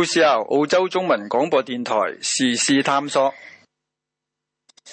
故事由澳洲中文廣播電台時事探索。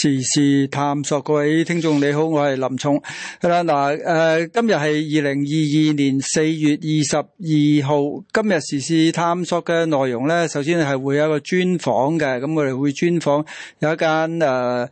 時事探索，各位聽眾你好，我係林聰係啦嗱，誒今日係二零二二年四月二十二號，今日時事探索嘅內容呢，首先係會有一個專訪嘅，咁我哋會專訪有一間誒。呃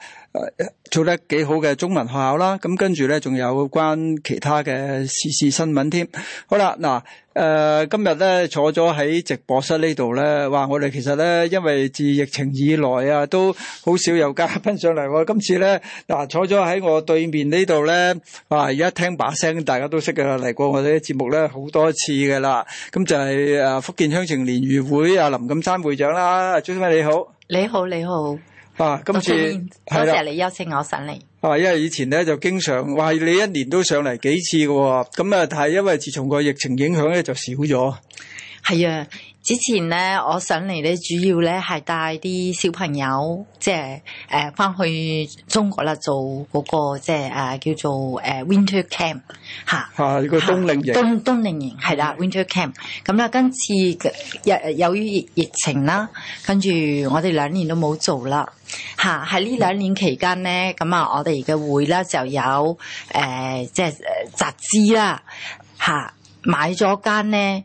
做得幾好嘅中文學校啦，咁跟住咧仲有關其他嘅時事新聞添。好啦，嗱，誒，今日咧坐咗喺直播室呢度咧，哇，我哋其實咧因為自疫情以來啊，都好少有嘉賓上嚟，今次咧嗱，坐咗喺我對面呢度咧，哇，而家聽把聲，大家都識嘅啦，嚟過我哋節目咧好多次噶啦，咁就係誒福建鄉情聯誼會阿林錦山會長啦，早晨，你好，你好你好。啊，今次多謝你，係嘅，多謝你邀請我上嚟。啊，因為以前咧就經常話你一年都上嚟幾次嘅喎，咁啊，但係因為自從個疫情影響咧，就少咗。係啊。之前咧，我上嚟咧，主要咧係帶啲小朋友，即係誒，翻、呃、去中國啦，做嗰、那個即係誒、啊，叫做誒 winter camp 吓、啊。吓，個冬令營。冬冬令營係啦，winter camp。咁啦，今次有由於疫情啦，跟住我哋兩年都冇做啦。吓、啊，喺呢兩年期間咧，咁、嗯嗯呃、啊，我哋嘅會咧就有誒，即係集資啦。吓，買咗間咧，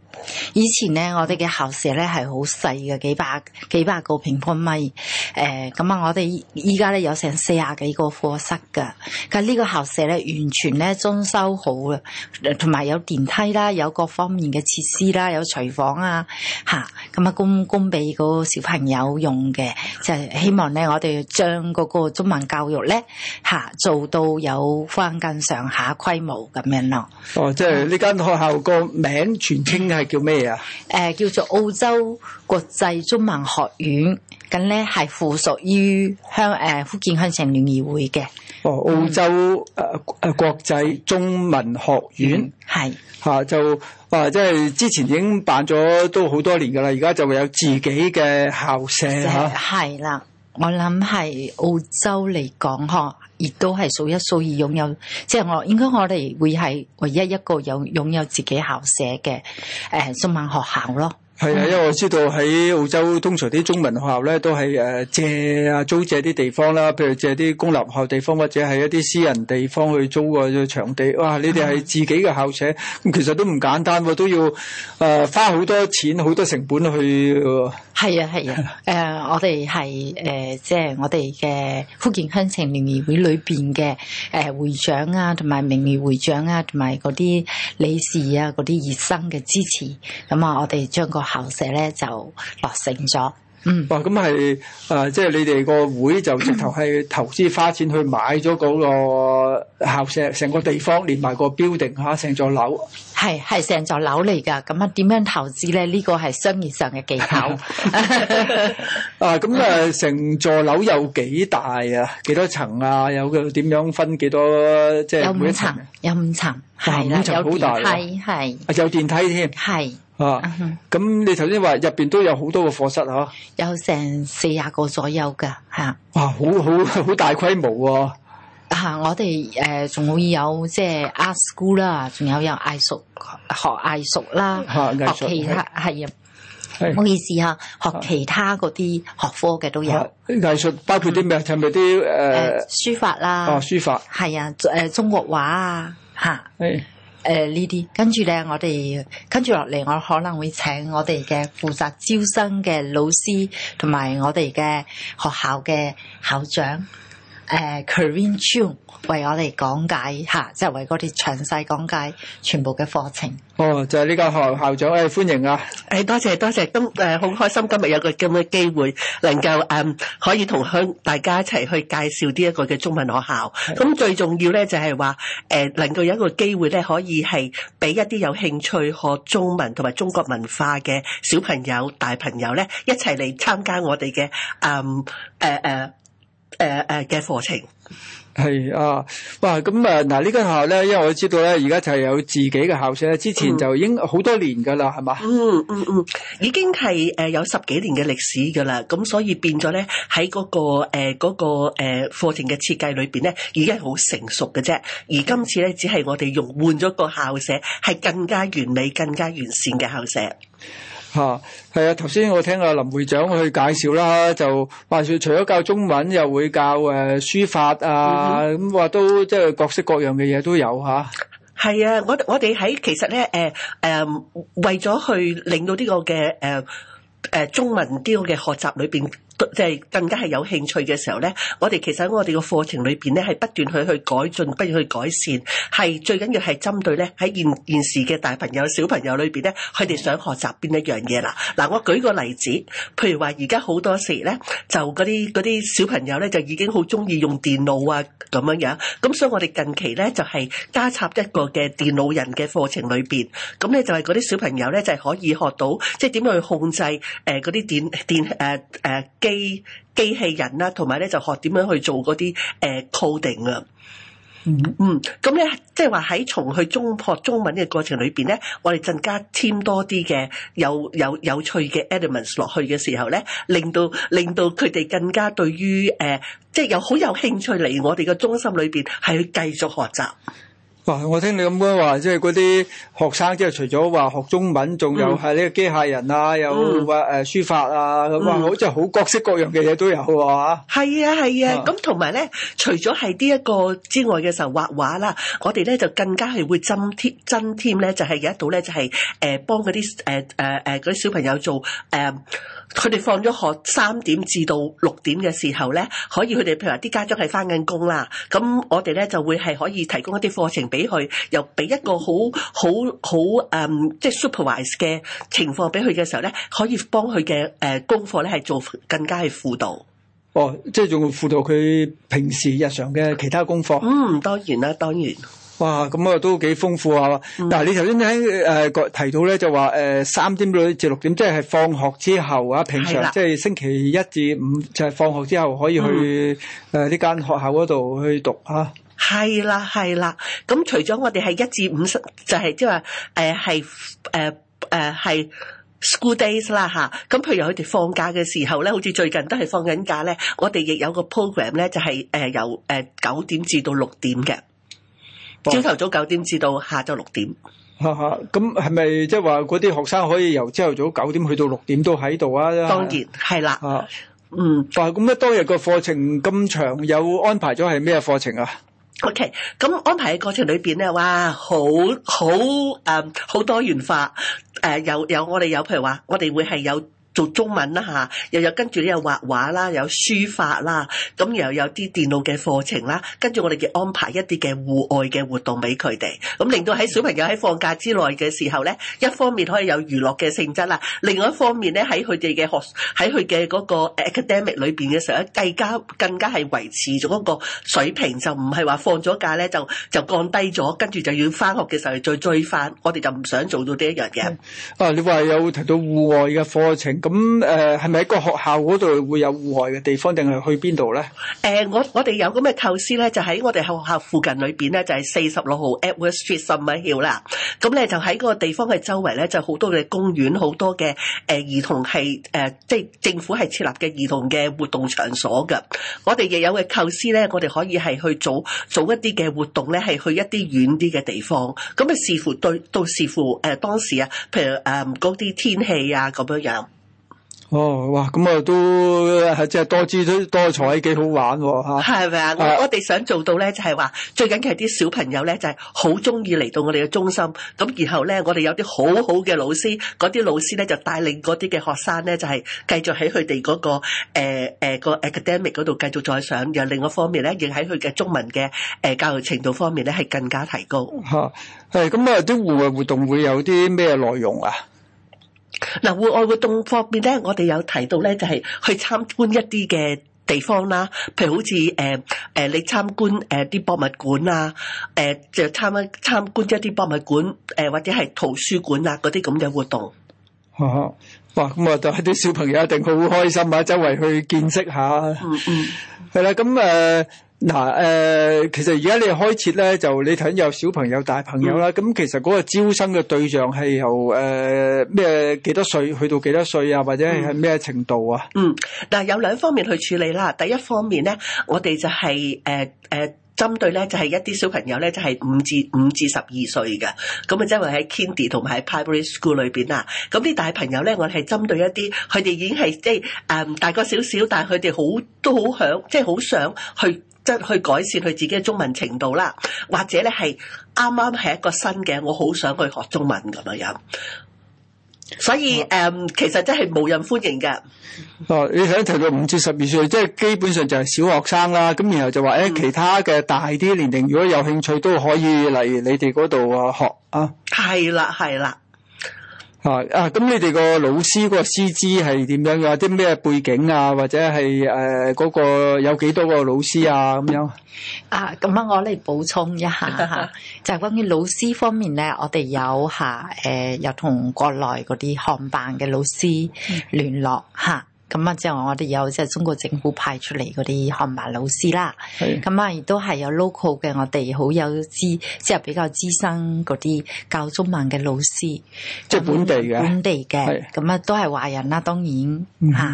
以前咧，我哋嘅校舍咧係好細嘅，幾百幾百個平方米。誒、呃，咁啊，我哋依家咧有成四十幾個課室噶。佢、這、呢個校舍咧完全咧裝修好啦，同埋有電梯啦，有各方面嘅設施啦，有廚房啊，吓、啊，咁啊供供俾個小朋友用嘅。就係、是、希望咧，我哋將嗰個中文教育咧吓、啊、做到有翻咁上下規模咁樣咯。哦，即係呢間學校個名全稱係。叫咩啊？誒、呃，叫做澳洲國際中文學院，咁咧係附屬於香誒福建鄉城聯誼會嘅。哦，澳洲誒誒、嗯、國際中文學院係嚇、嗯啊，就誒即係之前已經辦咗都好多年㗎喇，而家就會有自己嘅校舍嚇，係啦。我諗係澳洲嚟講，嗬，亦都係數一數二擁有，即係我應該我哋會係唯一一個有擁有自己校舍嘅誒中文學校咯。係啊，嗯、因為我知道喺澳洲通常啲中文學校咧都係誒借啊租借啲地方啦，譬如借啲公立學校地方或者係一啲私人地方去租個場地。哇！你哋係自己嘅校舍，咁、嗯、其實都唔簡單，都要誒花好多錢好多成本去。係啊係啊，誒、啊 uh, 我哋係誒即係我哋嘅福建鄉情聯誼會裏邊嘅誒會長啊，同埋名譽會長啊，同埋啲理事啊，啲熱心嘅支持。咁啊，我哋將個。校舍咧就落成咗，嗯，哇，咁係誒，即係你哋個會就直頭係投資花錢去買咗嗰個校舍，成個地方連埋個 building 吓，成座樓，係係成座樓嚟噶，咁啊點樣投資咧？呢個係商業上嘅技巧啊，咁啊，成座樓有幾大啊？幾多層啊？有個點樣分？幾多即係有五層，有五層，係啦，好大，係，有電梯添，係。啊，咁你頭先話入邊都有好多個課室嗬、啊？有成四十個左右嘅嚇。啊、哇，好好好大規模喎、啊！嚇、啊，我哋誒仲會有即係、就是、art school 啦，仲有有藝術學藝術啦、啊啊，學其他係啊。唔好意思嚇，學其他嗰啲學科嘅都有、啊。藝術包括啲咩？係咪啲誒書法啦？哦、uh, 啊，書法係啊，誒、啊、中國畫啊，嚇。是誒，呃、呢啲，跟住咧，我哋跟住落嚟，我可能會請我哋嘅負責招生嘅老師同埋我哋嘅學校嘅校長。誒 Karin June 為我哋講解吓，即係為我哋詳細講解全部嘅課程。哦，就係、是、呢個校校長，誒、哎、歡迎啊！誒，多謝多謝，咁誒好開心，今日有個咁嘅機會，能夠誒、um, 可以同香大家一齊去介紹呢一個嘅中文學校。咁的最重要咧，就係話誒能夠有一個機會咧，可以係俾一啲有興趣學中文同埋中國文化嘅小朋友、大朋友咧，一齊嚟參加我哋嘅誒誒。Um, uh, uh, 誒誒嘅課程係啊，哇，咁啊，嗱，呢間校咧，因為我知道咧，而家就係有自己嘅校舍，之前就已經好多年噶啦，係嘛？嗯嗯嗯，嗯，已經係誒有十幾年嘅歷史噶啦，咁所以變咗咧喺嗰個誒個誒課程嘅設計裏邊咧，已經係好成熟嘅啫。而今次咧，只係我哋用換咗個校舍，係更加完美、更加完善嘅校舍。吓，係啊！頭先，啊、我聽阿林會長去介紹啦，就話說除咗教中文，又會教誒書法啊，咁話，嗯、哼都即係各式各樣嘅嘢，都有吓，係啊，啊，我哋我哋喺其實咧誒誒，為咗去令到呢個嘅誒誒中文雕嘅學習裏邊。即係更加係有興趣嘅時候咧，我哋其實喺我哋嘅課程裏邊咧，係不斷去去改進，不斷去改善，係最緊要係針對咧喺現現時嘅大朋友小朋友裏邊咧，佢哋想學習邊一樣嘢啦。嗱、啊，我舉個例子，譬如話而家好多時咧，就嗰啲嗰啲小朋友咧就已經好中意用電腦啊咁樣樣。咁所以我哋近期咧就係、是、加插一個嘅電腦人嘅課程裏邊，咁咧就係嗰啲小朋友咧就係、是、可以學到即係點樣去控制誒嗰啲電電誒誒。啊啊啊機機器人啦，同埋咧就學點樣去做嗰啲誒 coding 啊。嗯，咁咧即係話喺從去中學中文嘅過程裏邊咧，我哋更加添多啲嘅有有有趣嘅 elements 落去嘅時候咧，令到令到佢哋更加對於誒，即係有好有興趣嚟我哋嘅中心裏邊係去繼續學習。哇！我聽你咁樣話，即係嗰啲學生，即係除咗話學中文，仲有係呢個機械人啊，又話誒書法啊，咁啊，好似好各式各樣嘅嘢都有喎嚇。係啊係啊，咁同埋咧，除咗係呢一個之外嘅時候畫畫啦，我哋咧就更加係會增添增添咧，就係有一度咧就係誒幫嗰啲誒誒誒嗰啲小朋友做誒，佢哋放咗學三點至到六點嘅時候咧，可以佢哋譬如話啲家長係翻緊工啦，咁我哋咧就會係可以提供一啲課程。俾佢又俾一個好好好誒，即係 supervise 嘅情況俾佢嘅時候咧，可以幫佢嘅誒功課咧係做更加係輔導。哦，即係仲會輔導佢平時日常嘅其他功課。嗯，當然啦，當然。哇，咁啊都幾豐富、嗯、啊！嗱，你頭先喺誒提到咧，就話誒三點到至六點，即係放學之後啊，平常的即係星期一至五就係放學之後可以去誒呢間學校嗰度去讀嚇。嗯。係啦，係啦。咁除咗我哋係一至五十，就係即係誒，係誒誒係 school days 啦吓。咁譬如佢哋放假嘅時候咧，好似最近都係放緊假咧，我哋亦有個 program 咧，就係誒、啊、由誒九點至到六點嘅。朝頭早九點至到下晝六點。吓吓，咁係咪即係話嗰啲學生可以由朝頭早九點去到六點都喺度啊？啊當然係啦。嗯、啊，但係咁咧，啊、當日個課程咁長，有安排咗係咩課程啊？O.K. 咁安排嘅過程裏邊咧，哇，好好誒，um，好多元化誒。有有我哋有，譬如話我哋會係有。做中文啦、啊、吓，又有跟住咧有畫畫啦，有書法啦、啊，咁又有啲電腦嘅課程啦、啊，跟住我哋就安排一啲嘅戶外嘅活動俾佢哋，咁令到喺小朋友喺放假之內嘅時候咧，一方面可以有娛樂嘅性質啦、啊，另外一方面咧喺佢哋嘅學，喺佢嘅嗰個 academic 裏邊嘅時候，咧，更加更加係維持咗嗰個水平，就唔係話放咗假咧就就降低咗，跟住就要翻學嘅時候再追翻，我哋就唔想做到呢一樣嘢啊，你話有提到戶外嘅課程。咁誒係咪喺個學校嗰度會有戶外嘅地方，定係去邊度咧？誒、呃，我我哋有咁嘅構思咧，就喺我哋學校附近裏邊咧，就係四十六號 Edward Street 十米橋啦。咁、嗯、咧就喺嗰個地方嘅周圍咧，就好多嘅公園，好多嘅誒、呃、兒童係誒、呃，即係政府係設立嘅兒童嘅活動場所㗎。我哋亦有嘅構思咧，我哋可以係去做做一啲嘅活動咧，係去一啲遠啲嘅地方。咁、嗯、啊，視乎對到視乎誒、呃、當時啊，譬如誒嗰啲天氣啊咁樣樣。哦，哇，咁啊都係真係多姿多多彩，幾好玩喎、哦、嚇！係咪吧啊？我哋想做到咧，就係話最緊要係啲小朋友咧，就係好中意嚟到我哋嘅中心。咁然後咧，我哋有啲好好嘅老師，嗰啲老師咧就帶領嗰啲嘅學生咧、那個，就係繼續喺佢哋嗰個誒誒個 academic 嗰度繼續再上。又另一方面咧，亦喺佢嘅中文嘅誒教育程度方面咧，係更加提高。嚇係咁啊！啲戶外活動會有啲咩內容啊？嗱，戶外活動方面咧，我哋有提到咧，就係去參觀一啲嘅地方啦，譬如好似誒誒，你參觀誒啲博物館啊，誒就參一參觀一啲博物館誒、呃，或者係圖書館啊嗰啲咁嘅活動。吓、啊，哇！咁啊，就係啲小朋友一定好開心啊，周圍去見識下。嗯嗯。係、嗯、啦，咁誒。嗱，誒、呃，其實而家你開設咧，就你睇有小朋友、大朋友啦。咁、嗯、其實嗰個招生嘅對象係由誒咩、呃、幾多歲去到幾多歲啊？或者係咩程度啊？嗯，嗱、嗯嗯，有兩方面去處理啦。第一方面咧，我哋就係誒誒針對咧，就係、是、一啲小朋友咧，就係、是、五至五至十二歲嘅咁啊，即係喺 Kindy 同埋喺 Primary School 裏邊啊。咁啲大朋友咧，我哋係針對一啲佢哋已經係即係誒大個少少，但係佢哋好都好想即係好想去。即係去改善佢自己嘅中文程度啦，或者咧係啱啱係一個新嘅，我好想去學中文咁樣。所以誒，啊、其實真係無人歡迎嘅。哦、啊，你頭先提到五至十二歲，即係基本上就係小學生啦。咁然後就話誒，嗯、其他嘅大啲年齡，如果有興趣都可以嚟你哋嗰度啊學啊。係啦，係啦。啊啊！咁你哋個老師個師資係點樣？有啲咩背景啊？或者係誒嗰個有幾多個老師啊？咁樣啊！咁啊，我嚟補充一下吓， 就係關於老師方面咧，我哋有下誒、啊，有同國內嗰啲漢辦嘅老師聯絡吓。啊咁啊，即係我哋有即係中國政府派出嚟嗰啲漢文老師啦，咁啊亦都係有 local 嘅我哋好有資即係、就是、比較資深嗰啲教中文嘅老師，即係本地嘅本地嘅，咁啊是都係華人啦，當然嚇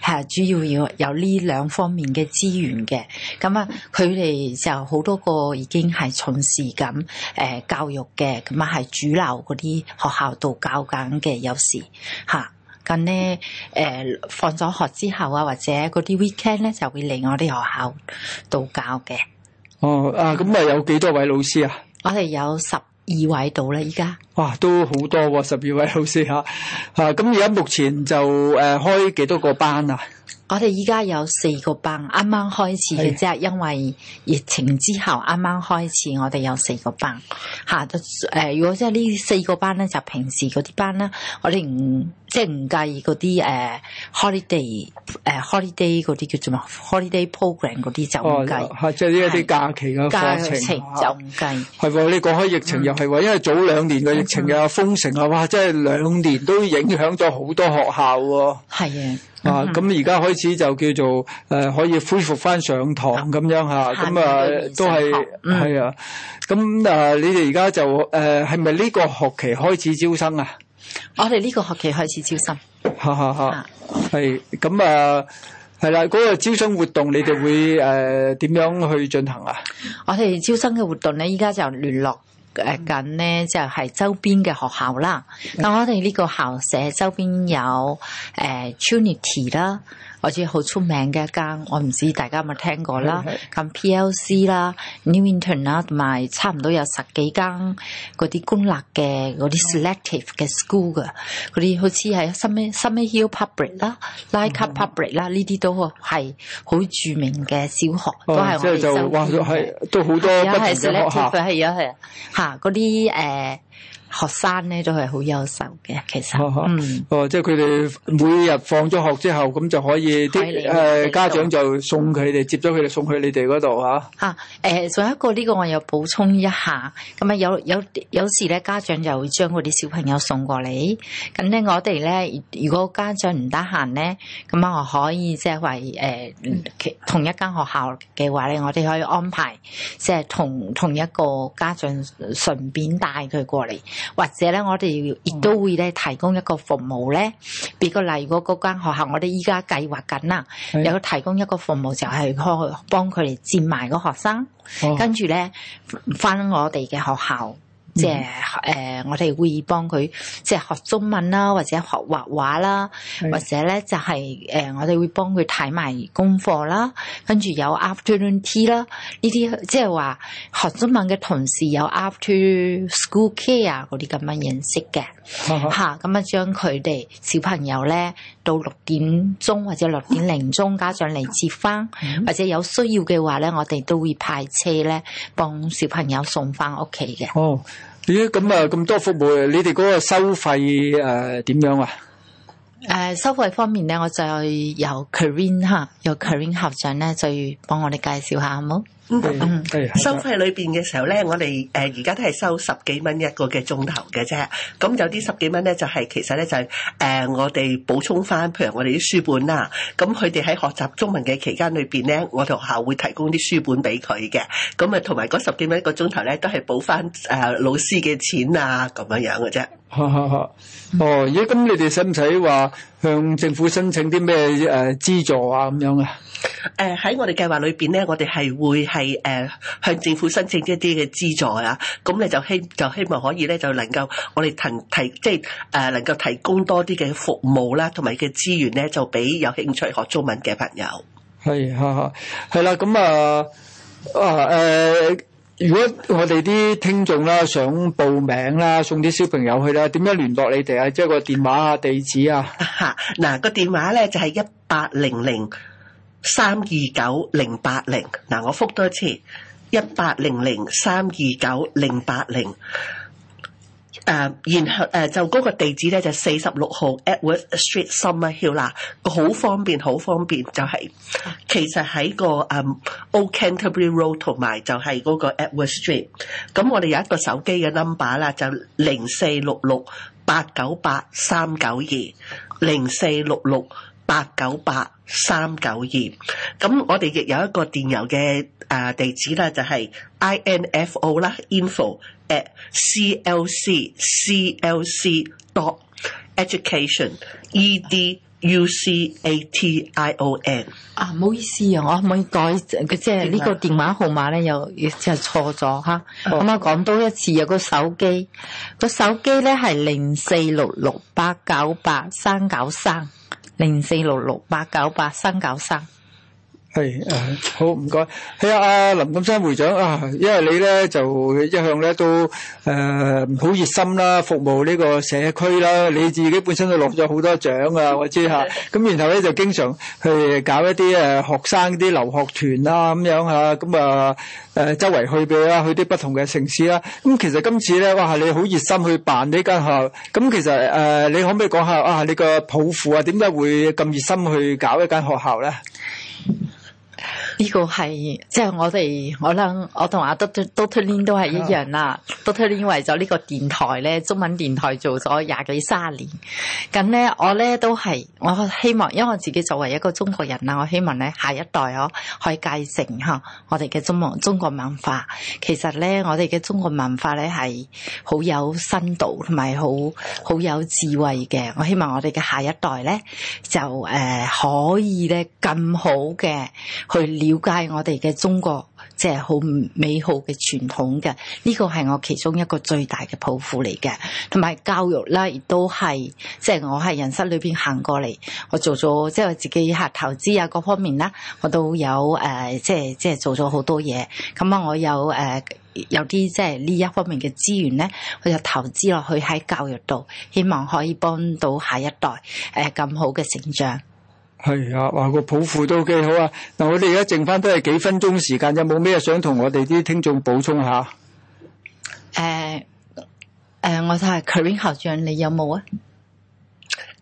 係、嗯、主要要有呢兩方面嘅資源嘅，咁啊佢哋就好多個已經係從事緊誒教育嘅，咁啊係主流嗰啲學校度教緊嘅，有時嚇。近咧，誒、呃、放咗學之後啊，或者嗰啲 weekend 咧，就會嚟我哋學校度教嘅。哦，啊，咁啊有幾多位老師啊？我哋有十二位到啦，依家。哇，都好多喎、啊，十二位老師吓、啊。嚇、啊。咁而家目前就誒開幾多個班啊？我哋依家有四個班，啱啱開始嘅，即係是因為疫情之後啱啱開始，我哋有四個班嚇。誒、啊呃，如果即係呢四個班咧，就平時嗰啲班啦，我哋唔。即係唔計嗰啲誒 holiday 誒 holiday 啲叫做 holiday program 嗰啲就唔計，係即係一啲假期嘅課程就唔計。係喎，你講開疫情又係喎，因為早兩年嘅疫情啊、封城啊，哇！即係兩年都影響咗好多學校喎。係啊，啊咁而家開始就叫做誒可以恢復翻上堂咁樣嚇，咁啊都係係啊。咁啊，你哋而家就誒係咪呢個學期開始招生啊？我哋呢個學期開始招生，係咁 啊，係、啊、啦，嗰、嗰個招生活動你哋會誒點、呃、樣去進行啊？ 我哋招生嘅活動咧，依家就聯絡誒緊咧，就係周邊嘅學校啦。但我哋呢個校舍周邊有誒、呃、Trinity 啦。 好似好出名嘅一間，我唔知大家有冇聽過是是啦。咁 PLC 啦、Newington 啦，同埋差唔多有十幾間嗰啲公立嘅嗰啲 selective 嘅 school 嘅，嗰啲好似係 Summer Hill Public 啦、Lyca Public 啦，呢啲是是 都係好著名嘅小學，都係我哋收嘅啊，哦、校。啊，嗰啲誒。學生咧都係好優秀嘅，其實，啊啊、嗯，哦、啊，即係佢哋每日放咗學之後，咁、嗯、就可以啲誒那家長就送佢哋、嗯、接咗佢哋送去你哋嗰度嚇。嚇、啊、誒，仲、啊呃、有一個呢個，我又補充一下，咁啊有有有時咧家長就會將嗰啲小朋友送過嚟，咁咧我哋咧如果家長唔得閒咧，咁啊我可以即係為誒同一間學校嘅話咧，我哋可以安排即係同同一個家長順便帶佢過嚟。或者咧，我哋亦都會咧提供一個服務咧。比較例如嗰個間學校，我哋依家計劃緊啦，有提供一個服務就係幫佢佢哋接埋個學生，跟住咧返我哋嘅學校。嗯、即係誒、呃、我哋會幫佢即係學中文啦，或者學畫畫啦，是或者咧就係、是、誒、呃、我哋會幫佢睇埋功課啦，跟住有 afternoon tea 啦，呢啲即係話學中文嘅同時有 after school care 啊，啲咁樣認識嘅。吓，咁啊，啊，將佢哋小朋友咧到六點鐘或者六點零鐘，家長嚟接翻或者有需要嘅話咧，我哋都會派車咧幫小朋友送翻屋企嘅。哦，咦，咁啊，咁多服務，你哋嗰個收費誒點樣啊？誒、啊，收費方面咧，我再由 Karen 吓、啊，由 Karen 校長咧再幫我哋介紹下，好冇？ 收費裏邊嘅時候咧，我哋誒而家都係收十幾蚊一個嘅鐘頭嘅啫。咁有啲十幾蚊咧，就係其實咧就係誒我哋補充翻，譬如我哋啲書本啦。咁佢哋喺學習中文嘅期間裏邊咧，我學校會提供啲書本俾佢嘅。咁啊，同埋嗰十幾蚊一個鐘頭咧，都係補翻誒老師嘅錢啊，咁樣樣嘅啫。哦，咦？ 咁你哋使唔使話向政府申請啲咩誒資助啊？咁樣啊？誒， 喺、 嗯、我哋計劃裏邊咧，我哋係會。係誒向政府申請一啲嘅資助啊，咁你就希就希望可以咧，就能夠我哋提提即係誒能夠提供多啲嘅服務啦、啊，同埋嘅資源咧就俾有興趣學中文嘅朋友。係，哈哈，係、嗯、啦，咁啊啊誒，如果我哋啲聽眾啦想報名啦，送啲小朋友去啦，點樣聯絡你哋啊？即係個電話啊、地址啊。嗱、啊啊嗰個電話咧就係一八零零，三二九零八零，嗱，我覆多一次，一八零零三二九零八零，誒然後誒就嗰個地址咧就四十六號 Edward Street Summer Hill，嗱、啊、好方便好方便，就係、是、其實喺、那個誒、嗯、Old Canterbury Road 同埋就係嗰個 Edward Street，咁我哋有一個手機嘅 number 啦，就零四六六八九八三九二零四六六。八九八三九二咁，2，我哋亦有一個電郵嘅誒地址咧，就係、是、in info 啦，info at c l c c l c dot education e d u c a t i o n 啊，唔好意思啊，我可唔可以改、啊、即係呢個電話號碼咧，又即係錯咗嚇。咁我、啊啊、講多一次，有個手機個手機咧係零四六六八九八三九三。零四六六八九八三九三。係誒，好唔該，係啊，阿林錦山會長啊，因為你咧就一向咧都誒好熱心啦，服務呢個社區啦，你自己本身都落咗好多獎啊，我知吓，咁然後咧就經常去搞一啲誒學生啲留學團啊，咁樣吓，咁啊誒周圍去嘅啦，去啲不同嘅城市啦，咁其實今次咧哇，你好熱心去辦呢間學校，咁其實誒你可唔可以講下啊你個抱負啊，點解會咁熱心去搞一間學校咧？呢個係即係我哋，我諗我同阿 doctor doctor Lin 都係一樣啦。doctor Lin、啊、為咗呢個電台咧，中文電台做咗廿幾三十年，咁咧我咧都係我希望，因為我自己作為一個中國人啦，我希望咧下一代嗬可以繼承嗬我哋嘅中中中國文化。其實咧我哋嘅中國文化咧係好有深度同埋好好有智慧嘅。我希望我哋嘅下一代咧就誒、呃、可以咧咁好嘅。去了解我哋嘅中國，即係好美好嘅、傳統嘅，呢個係我其中一個最大嘅抱負嚟嘅。同埋教育啦，亦都係即係我喺人生裏邊行過嚟，我做咗即係我自己吓投資啊各方面啦，我都有誒即係即係做咗好多嘢。咁啊，我有誒有啲即係呢一方面嘅資源咧，我就投資落去喺教育度，希望可以幫到下一代誒咁好嘅成長。係啊，話、哎、個抱負都幾好啊！嗱，我哋而家剩翻都係幾分鐘時間，有冇咩想同我哋啲聽眾補充下？誒誒、呃呃，我睇係 Carrie 校長，你有冇啊？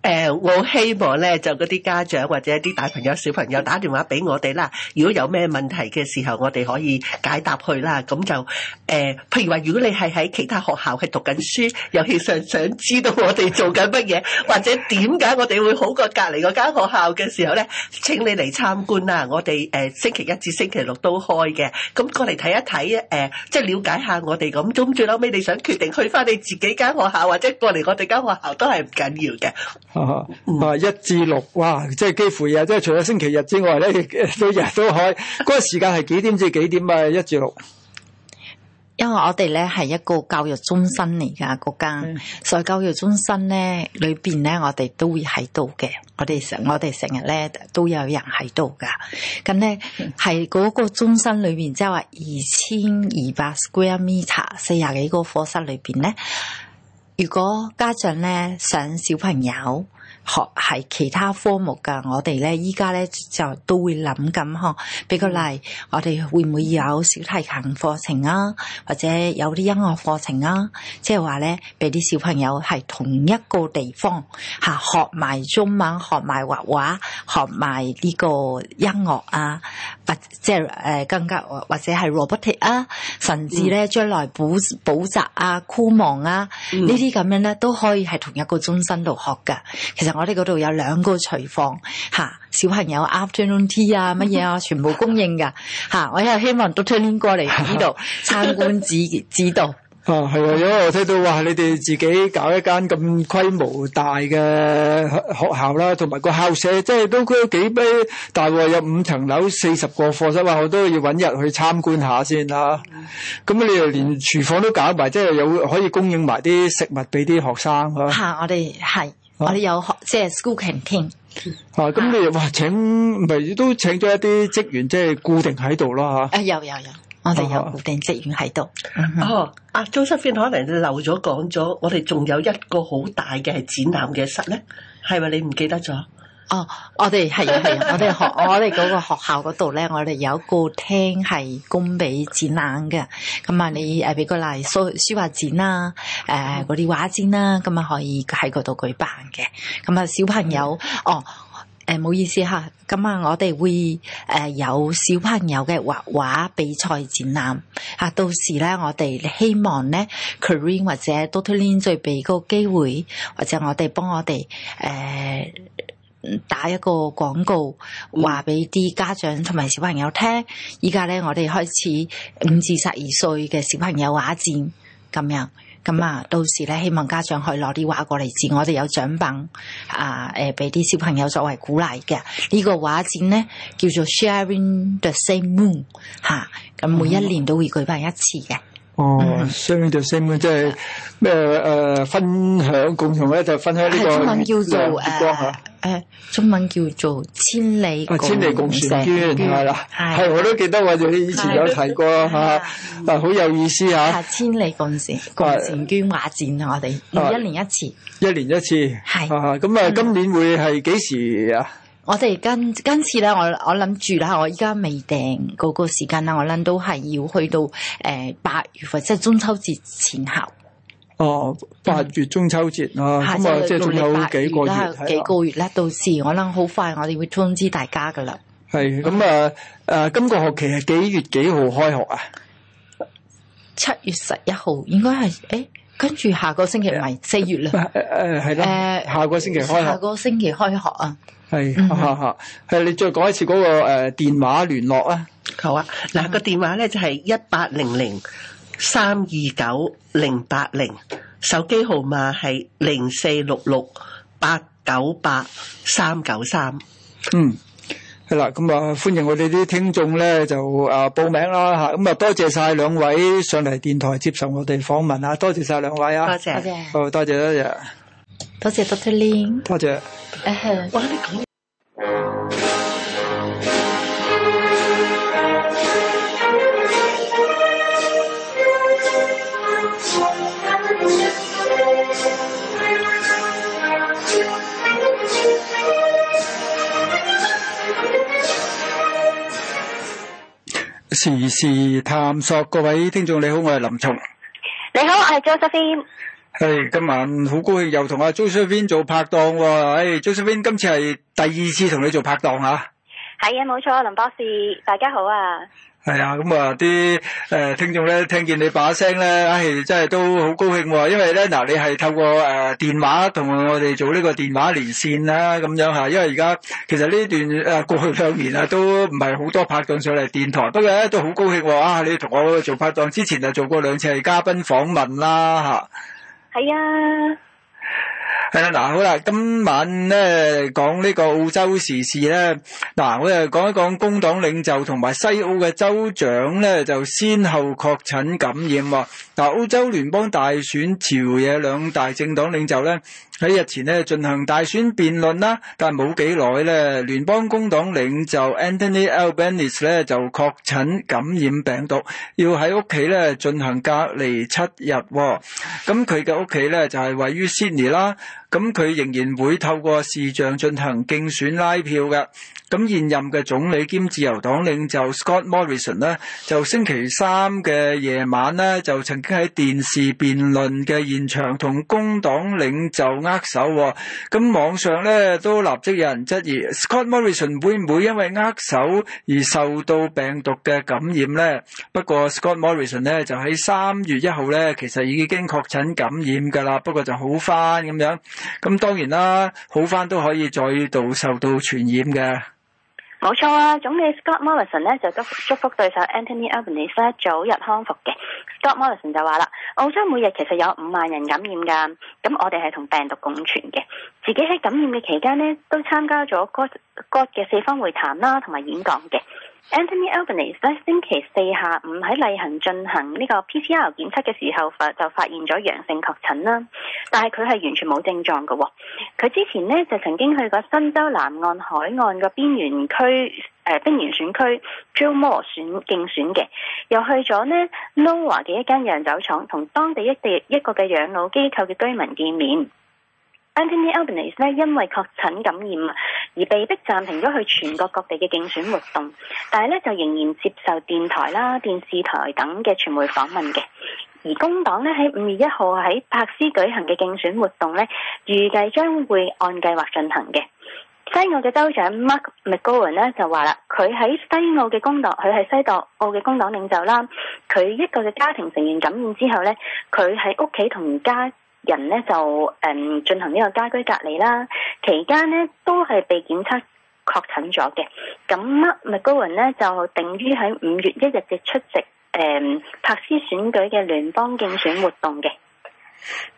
誒，uh, 我好希望咧就嗰啲家長或者啲大朋友、小朋友打電話俾我哋啦。如果有咩問題嘅時候，我哋可以解答佢啦。咁就誒，uh, 譬如話如果你係喺其他學校係讀緊書，尤其是想知道我哋做緊乜嘢，或者點解我哋會好過隔籬嗰間學校嘅時候咧，請你嚟參觀啦。我哋誒，uh, 星期一至星期六都開嘅，咁過嚟睇一睇誒，即、uh, 係了解下我哋咁。終最後尾你想決定去翻你自己間學校，或者過嚟我哋間學校都係唔緊要嘅。啊！一至六， 6, 哇！即係幾乎啊！即係除咗星期日之外咧，天天都日都開。嗰 個時間係幾點至幾點啊？一至六。因為我哋咧係一個教育中心嚟噶，嗰間。是所以教育中心咧，裏邊咧，我哋都會喺度嘅。我哋成我哋成日咧都有人喺度噶。咁咧，係嗰個中心裏邊，即係話二千二百 square meter，四廿幾個課室裏邊咧，如果家長咧想小朋友，學係其他科目噶，我哋咧依家咧就都會諗咁呵。俾個例，我哋會唔會有小提琴課程啊，或者有啲音樂課程啊？即係話咧，俾啲小朋友係同一個地方吓學埋中文、學埋畫畫，學埋呢個音樂啊，或即係誒更加或者係 robotic 啊，甚至咧將、嗯、來補補習啊、酷網啊、嗯、這這呢啲咁樣咧，都可以係同一個中心度學，噶。其實。我哋嗰度有兩個廚房吓、啊，小朋友 afternoon tea 啊，乜嘢啊，全部供應噶吓、啊。我又希望都出年過嚟呢度參觀指指導啊，係啊，因為我聽到話你哋自己搞一間咁規模大嘅學校啦，同埋個校舍即係都都幾 big 大約有五層樓，四十個課室啊，我都要揾日去參觀下先啦。咁你又連廚房都搞埋，即係有可以供應埋啲食物俾啲學生吓、啊。我哋係。我哋有學即係 schooling 添，就是、school campaign，啊咁你話請，咪、啊、都請咗一啲職員，即、就、係、是、固定喺度咯吓。啊，啊有有有，我哋有固定職員喺度。哦，啊，Josephine 可能你漏咗講咗，我哋仲有一個好大嘅係展覽嘅室咧，係咪你唔記得咗？哦， 我哋係啊係啊，我哋學我哋嗰個學校嗰度咧，我哋有一個廳係供俾展覽嘅。咁啊，你誒俾個例如書書畫展啦、啊，誒嗰啲畫展啦、啊，咁啊可以喺嗰度舉辦嘅。咁啊，小朋友， 哦誒，唔好、呃、意思吓。咁啊，我哋會誒有小朋友嘅畫畫比賽展覽嚇、啊。到時咧，我哋希望咧 Karen 或者 Doctor Lin 再俾個機會，或者我哋幫我哋誒。呃打一個廣告，話俾啲家長同埋小朋友聽。依家咧，我哋開始五至十二歲嘅小朋友畫展咁樣。咁啊，到時咧，希望家長可以攞啲畫過嚟自我哋有獎品啊，誒，俾啲小朋友作為鼓勵嘅。呢個畫展咧叫做 Sharing the Same Moon 嚇，咁每一年都會舉辦一次嘅。哦，上面條新聞即係咩？誒，分享共同咧，就分享呢個。中文叫做誒，中文叫做千里共嬋娟，係啦，係我都記得我哋以前有提過吓，但係好有意思吓。千里共嬋，共嬋娟畫展啊！我哋一年一次，一年一次，係啊，咁啊，今年會係幾時啊？我哋今今次咧，我我諗住啦，我依家未定嗰個時間啦，我諗都係要去到誒八月份，即係中秋節前後。哦，八月中秋節、嗯、啊，咁啊，即係仲有幾個月？到月幾個月咧？啊、月到時我諗好快，我哋會通知大家噶啦。係咁啊！誒，今個學期係幾月幾號開學啊？七月十一號應該係誒，跟、欸、住下個星期咪四月啦。誒，係啦。誒，下個星期開下個星期開學啊！係，係你再講一次嗰個誒電話聯絡啊！好啊，嗱個電話咧就係一八零零三二九零八零，手機號碼係零四六六八九八三九三。嗯，係啦，咁啊歡迎我哋啲聽眾咧就啊報名啦吓，咁啊多謝晒兩位上嚟電台接受我哋訪問啊，多謝晒兩位啊，多謝，好，多謝，多謝。多謝 Doctor 林，多謝。時事探索，各位聽眾你好，我係林聰。你好，我係 Josephine。係、hey, 今晚好高興又同阿 Josephine 做拍檔喎，唉、欸、Josephine 今次係第二次同你做拍檔啊？係啊，冇錯林博士，大家好啊，係啊、hey, 嗯，咁啊啲誒聽眾咧聽見你把聲咧，唉、哎，真係都好高興、啊，因為咧嗱，你係透過誒電話同我哋做呢個電話連線啦、啊，咁樣吓、啊，因為而家其實呢段誒過去兩年啊，都唔係好多拍檔上嚟電台，不過咧都好高興啊，你同我做拍檔之前就做過兩次係嘉賓訪問啦吓。啊係啊，係啦 Hey ,、yeah.，嗱 好啦，今晚咧講呢個澳洲時事咧，嗱，我哋講一講工黨領袖同埋西澳嘅州長咧就先後確診感染喎，嗱，澳洲聯邦大選朝野兩大政黨領袖咧，喺日前咧進行大選辯論啦，但係冇幾耐咧，聯邦工黨領袖 Anthony Albanese 咧就確診感染病毒，要喺屋企咧進行隔離七日。咁佢嘅屋企咧就係位於 Sydney 啦。咁佢仍然會透過視像進行競選拉票㗎。咁現任嘅總理兼自由黨領袖 Scott Morrison 呢，就星期三嘅夜晚呢，就曾經喺電視辯論嘅現場同工黨領袖握手喎。咁網上咧都立即有人質疑 Scott Morrison 會唔會因為握手而受到病毒嘅感染呢？不過 Scott Morrison 咧就喺三月一號咧，其實已經確診感染㗎啦，不過就好翻咁樣。咁當然啦，好返都可以再度受到傳染嘅。冇錯啊，總理 Scott Morrison 咧就祝祝福對手 Anthony Albanese 早日康復嘅。Scott Morrison 就話啦，澳洲每日其實有五萬人感染㗎，咁我哋係同病毒共存嘅，自己喺感染嘅期間呢都參加咗各各嘅四方會談啦，同埋演講嘅。Anthony Albanese 咧，星期四下午喺例行進行呢個 PCR 檢測嘅時候，發就發現咗陽性確診啦。但係佢係完全冇症狀嘅，哦。佢之前呢，就曾經去過新州南岸海岸嘅邊緣區誒邊緣選區 Joe Moore 選競選嘅，又去咗呢 Nova 嘅一間洋酒廠同當地一地一個嘅養老機構嘅居民見面。Anthony Albanese 因為確診感染而被迫暫停咗去全國各地嘅競選活動，但係咧就仍然接受電台啦、電視台等嘅傳媒訪問嘅。而工黨呢喺五月一號喺柏斯舉行嘅競選活動呢，預計將會按計劃進行嘅。西澳嘅州長 Mark McGowan 呢就話啦，佢喺西澳嘅工黨，佢係西道澳嘅工黨領袖啦。佢一個嘅家庭成員感染之後呢，佢喺屋企同家。人咧就誒、嗯、進行呢個家居隔離啦，期間呢都係被檢測確診咗嘅。咁麥高雲呢就定於喺五月一日嘅出席誒柏斯選舉嘅聯邦競選活動嘅。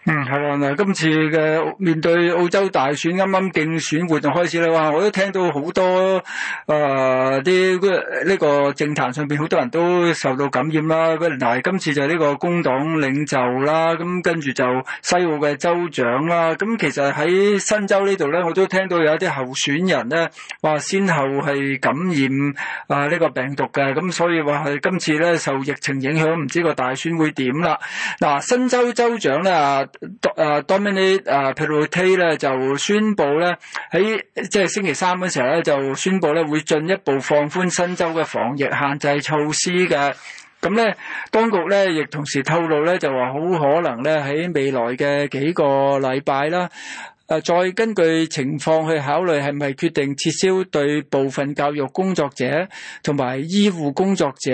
嗯，係啦，嗱，今次嘅面對澳洲大選，啱啱競選活動開始啦，哇，我都聽到好多誒啲呢個政壇上邊好多人都受到感染啦，嗱、呃，今次就呢個工黨領袖啦，咁跟住就西澳嘅州長啦，咁、嗯、其實喺新州呢度咧，我都聽到有一啲候選人咧，哇，先後係感染啊呢、呃這個病毒嘅，咁、嗯、所以話係今次咧受疫情影響，唔知個大選會點啦，嗱、呃，新州州長咧。啊，當啊、uh，Dominic Perrottet 咧就宣布咧，喺即係星期三嗰時候咧就宣布咧會進一步放寬新州嘅防疫限制措施嘅。咁咧，當局咧亦同時透露咧就話好可能咧喺未來嘅幾個禮拜啦。誒，再根據情況去考慮係咪決定撤銷對部分教育工作者同埋醫護工作者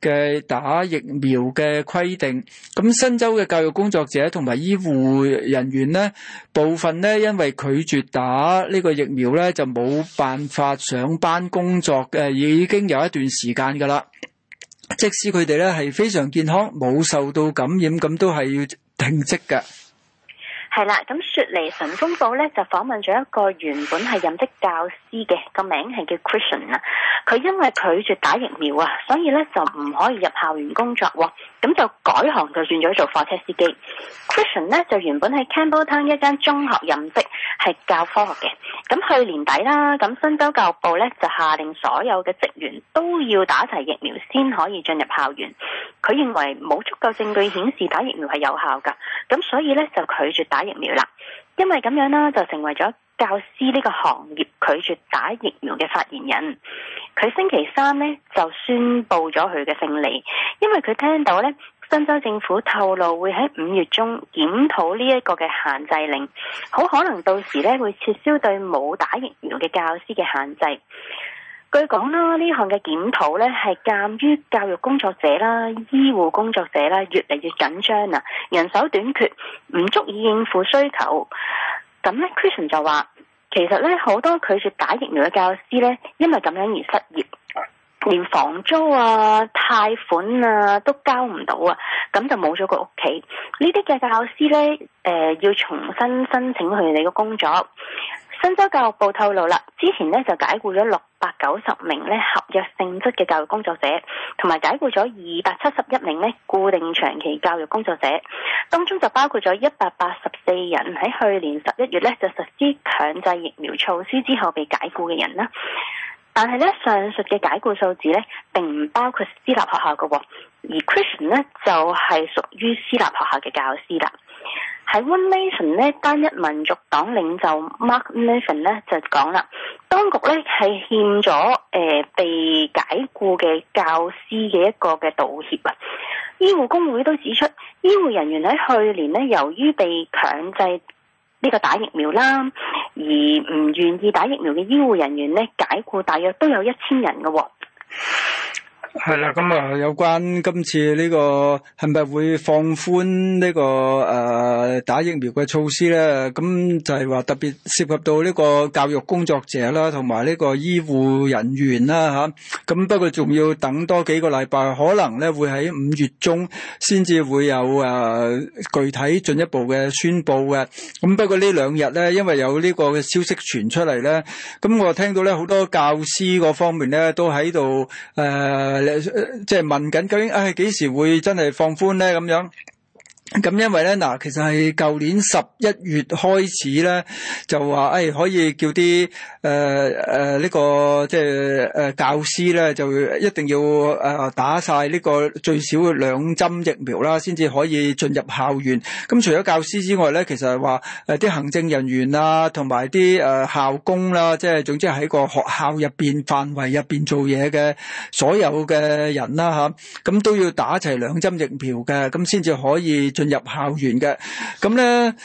嘅打疫苗嘅規定。咁新州嘅教育工作者同埋醫護人員呢部分呢，因為拒絕打呢個疫苗呢，就冇辦法上班工作嘅、呃，已經有一段時間噶啦。即使佢哋呢係非常健康，冇受到感染，咁都係要停職嘅。係啦，咁雪梨晨鋒報咧就訪問咗一個原本係任職教師嘅，個名係叫 Christian 啦。佢因為拒絕打疫苗啊，所以咧就唔可以入校園工作喎。咁就改行就轉咗做貨車司機。Christian 呢就原本喺 Campbelltown 一間中學任職，係教科學嘅。咁去年底啦，咁新州教育部咧就下令所有嘅職員都要打齊疫苗先可以進入校園。佢認為冇足夠證據顯示打疫苗係有效噶，咁所以咧就拒絕打。疫苗啦，因為咁樣啦，就成為咗教師呢個行業拒絕打疫苗嘅發言人。佢星期三呢就宣佈咗佢嘅勝利，因為佢聽到呢，新州政府透露會喺五月中檢討呢一個嘅限制令，好可能到時呢會撤銷對冇打疫苗嘅教師嘅限制。據講啦，呢項嘅檢討呢係鑒於教育工作者啦、醫護工作者啦越嚟越緊張啊，人手短缺，唔足以應付需求。咁呢，Christian 就話，其實呢，好多拒絕打疫苗嘅教師呢，因為咁樣而失業，連房租啊、貸款啊都交唔到啊，咁就冇咗個屋企。呢啲嘅教師呢，誒、呃、要重新申請佢哋嘅工作。新州教育部透露啦，之前咧就解僱咗六百九十名咧合約性質嘅教育工作者，同埋解僱咗二百七十一名咧固定長期教育工作者，當中就包括咗一百八十四人喺去年十一月咧就實施強制疫苗措施之後被解僱嘅人啦。但係咧，上述嘅解僱數字咧，並唔包括私立學校嘅，而 Christian 咧就係、是、屬於私立學校嘅教師啦。喺 One Nation 呢，單一民族黨領袖 Mark Nathan 咧就講啦，當局呢，係欠咗誒、呃、被解雇嘅教師嘅一個嘅道歉啊！醫護工會都指出，醫護人員喺去年咧由於被強制呢個打疫苗啦，而唔願意打疫苗嘅醫護人員呢，解雇，大約都有一千人嘅喎、哦。係啦，咁啊，有關今次呢、這個係咪會放寬呢、這個誒、呃、打疫苗嘅措施咧？咁就係話特別涉及到呢個教育工作者啦，同埋呢個醫護人員啦，吓、啊、咁。不過仲要等多幾個禮拜，可能咧會喺五月中先至會有誒、呃、具體進一步嘅宣布嘅。咁不過兩呢兩日咧，因為有呢個嘅消息傳出嚟咧，咁我聽到咧好多教師嗰方面咧都喺度誒。呃誒，即係問緊究竟，誒、哎、幾時會真係放寬咧？咁樣咁，樣因為咧嗱，其實係舊年十一月開始咧，就話誒、哎、可以叫啲。誒誒，呢、呃這個即係誒、呃、教師咧，就一定要誒、呃、打晒呢個最少兩針疫苗啦，先至可以進入校園。咁、嗯、除咗教師之外咧，其實係話誒啲行政人員啦，同埋啲誒校工啦，即係總之喺個學校入邊範圍入邊做嘢嘅所有嘅人啦，吓、啊、咁、嗯、都要打齊兩針疫苗嘅，咁先至可以進入校園嘅。咁、嗯、咧。嗯嗯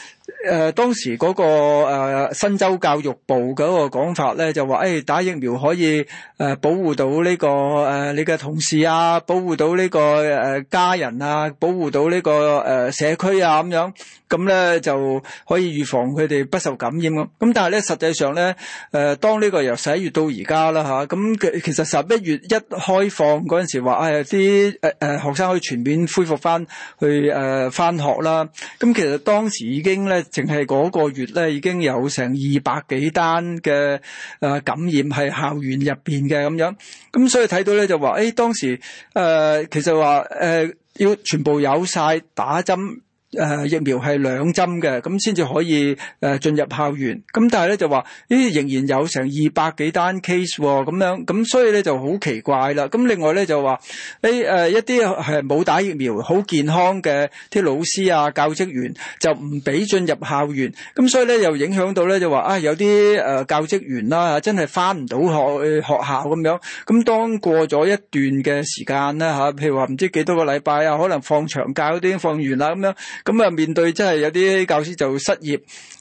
誒、呃，當時嗰、那個誒、呃、新州教育部個講法咧，就話誒、哎、打疫苗可以誒、呃、保護到呢、這個誒、呃、你嘅同事啊，保護到呢、這個誒、呃、家人啊，保護到呢、這個誒、呃、社區啊咁樣，咁咧就可以預防佢哋不受感染咁。咁、嗯、但係咧實際上咧，誒、呃、當呢個由十一月到而家啦吓，咁、啊、其實十一月一開放陣時話誒啲誒誒學生可以全面恢復翻去誒翻、呃、學啦，咁其實當時已經咧。淨係嗰個月咧，已經有成二百幾單嘅誒、呃、感染喺校園入邊嘅咁樣，咁所以睇到咧就話，誒、哎、當時誒、呃、其實話誒、呃、要全部有晒打針。誒、啊，疫苗係兩針嘅，咁先至可以誒進、啊、入校園。咁但係咧就話，咦、哎，仍然有成二百幾單 case 咁樣，咁所以咧就好奇怪啦。咁另外咧就話，啲、哎、誒、啊、一啲係冇打疫苗，好健康嘅啲老師啊、教職員就唔俾進入校園。咁所以咧又影響到咧就話，哎呃、啊，有啲誒教職員啦，真係翻唔到學學校咁樣。咁當過咗一段嘅時間啦吓，譬如話唔知幾多個禮拜啊，可能放長假嗰啲已經放完啦咁樣。咁啊，面對，即係有啲教師就失業。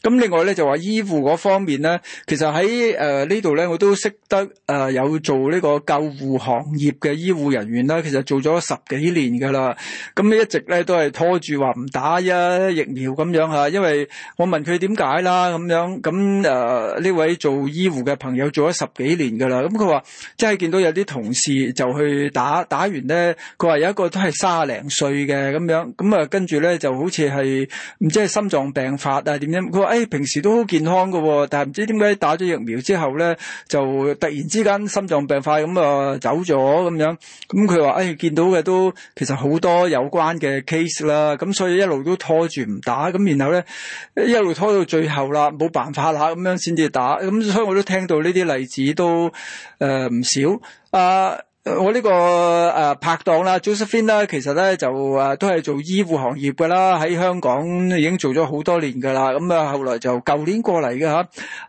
咁另外咧就話醫護嗰方面咧，其實喺誒、呃、呢度咧，我都識得誒有做呢個救護行業嘅醫護人員啦。其實做咗十幾年㗎啦。咁、嗯、你一直咧都係拖住話唔打一疫苗咁樣嚇，因為我問佢點解啦咁樣。咁誒呢位做醫護嘅朋友做咗十幾年㗎啦。咁佢話即係見到有啲同事就去打，打完咧，佢話有一個都係卅零歲嘅咁樣。咁、嗯、啊跟住咧就好似係唔知係心臟病發啊點樣。佢話。哎平時都好健康噶、哦，但係唔知點解打咗疫苗之後咧，就突然之間心臟病快咁啊走咗咁樣。咁佢話：哎，見到嘅都其實好多有關嘅 case 啦。咁、嗯、所以一路都拖住唔打。咁、嗯、然後咧，一路拖到最後啦，冇辦法啦，咁樣先至打。咁、嗯、所以我都聽到呢啲例子都誒唔、呃、少。啊！我呢、這個誒、啊、拍檔啦，Josephine 啦，Joseph ine, 其實咧就誒、啊、都係做醫護行業嘅啦，喺香港已經做咗好多年噶啦。咁、嗯、啊，後來就舊年過嚟嘅嚇。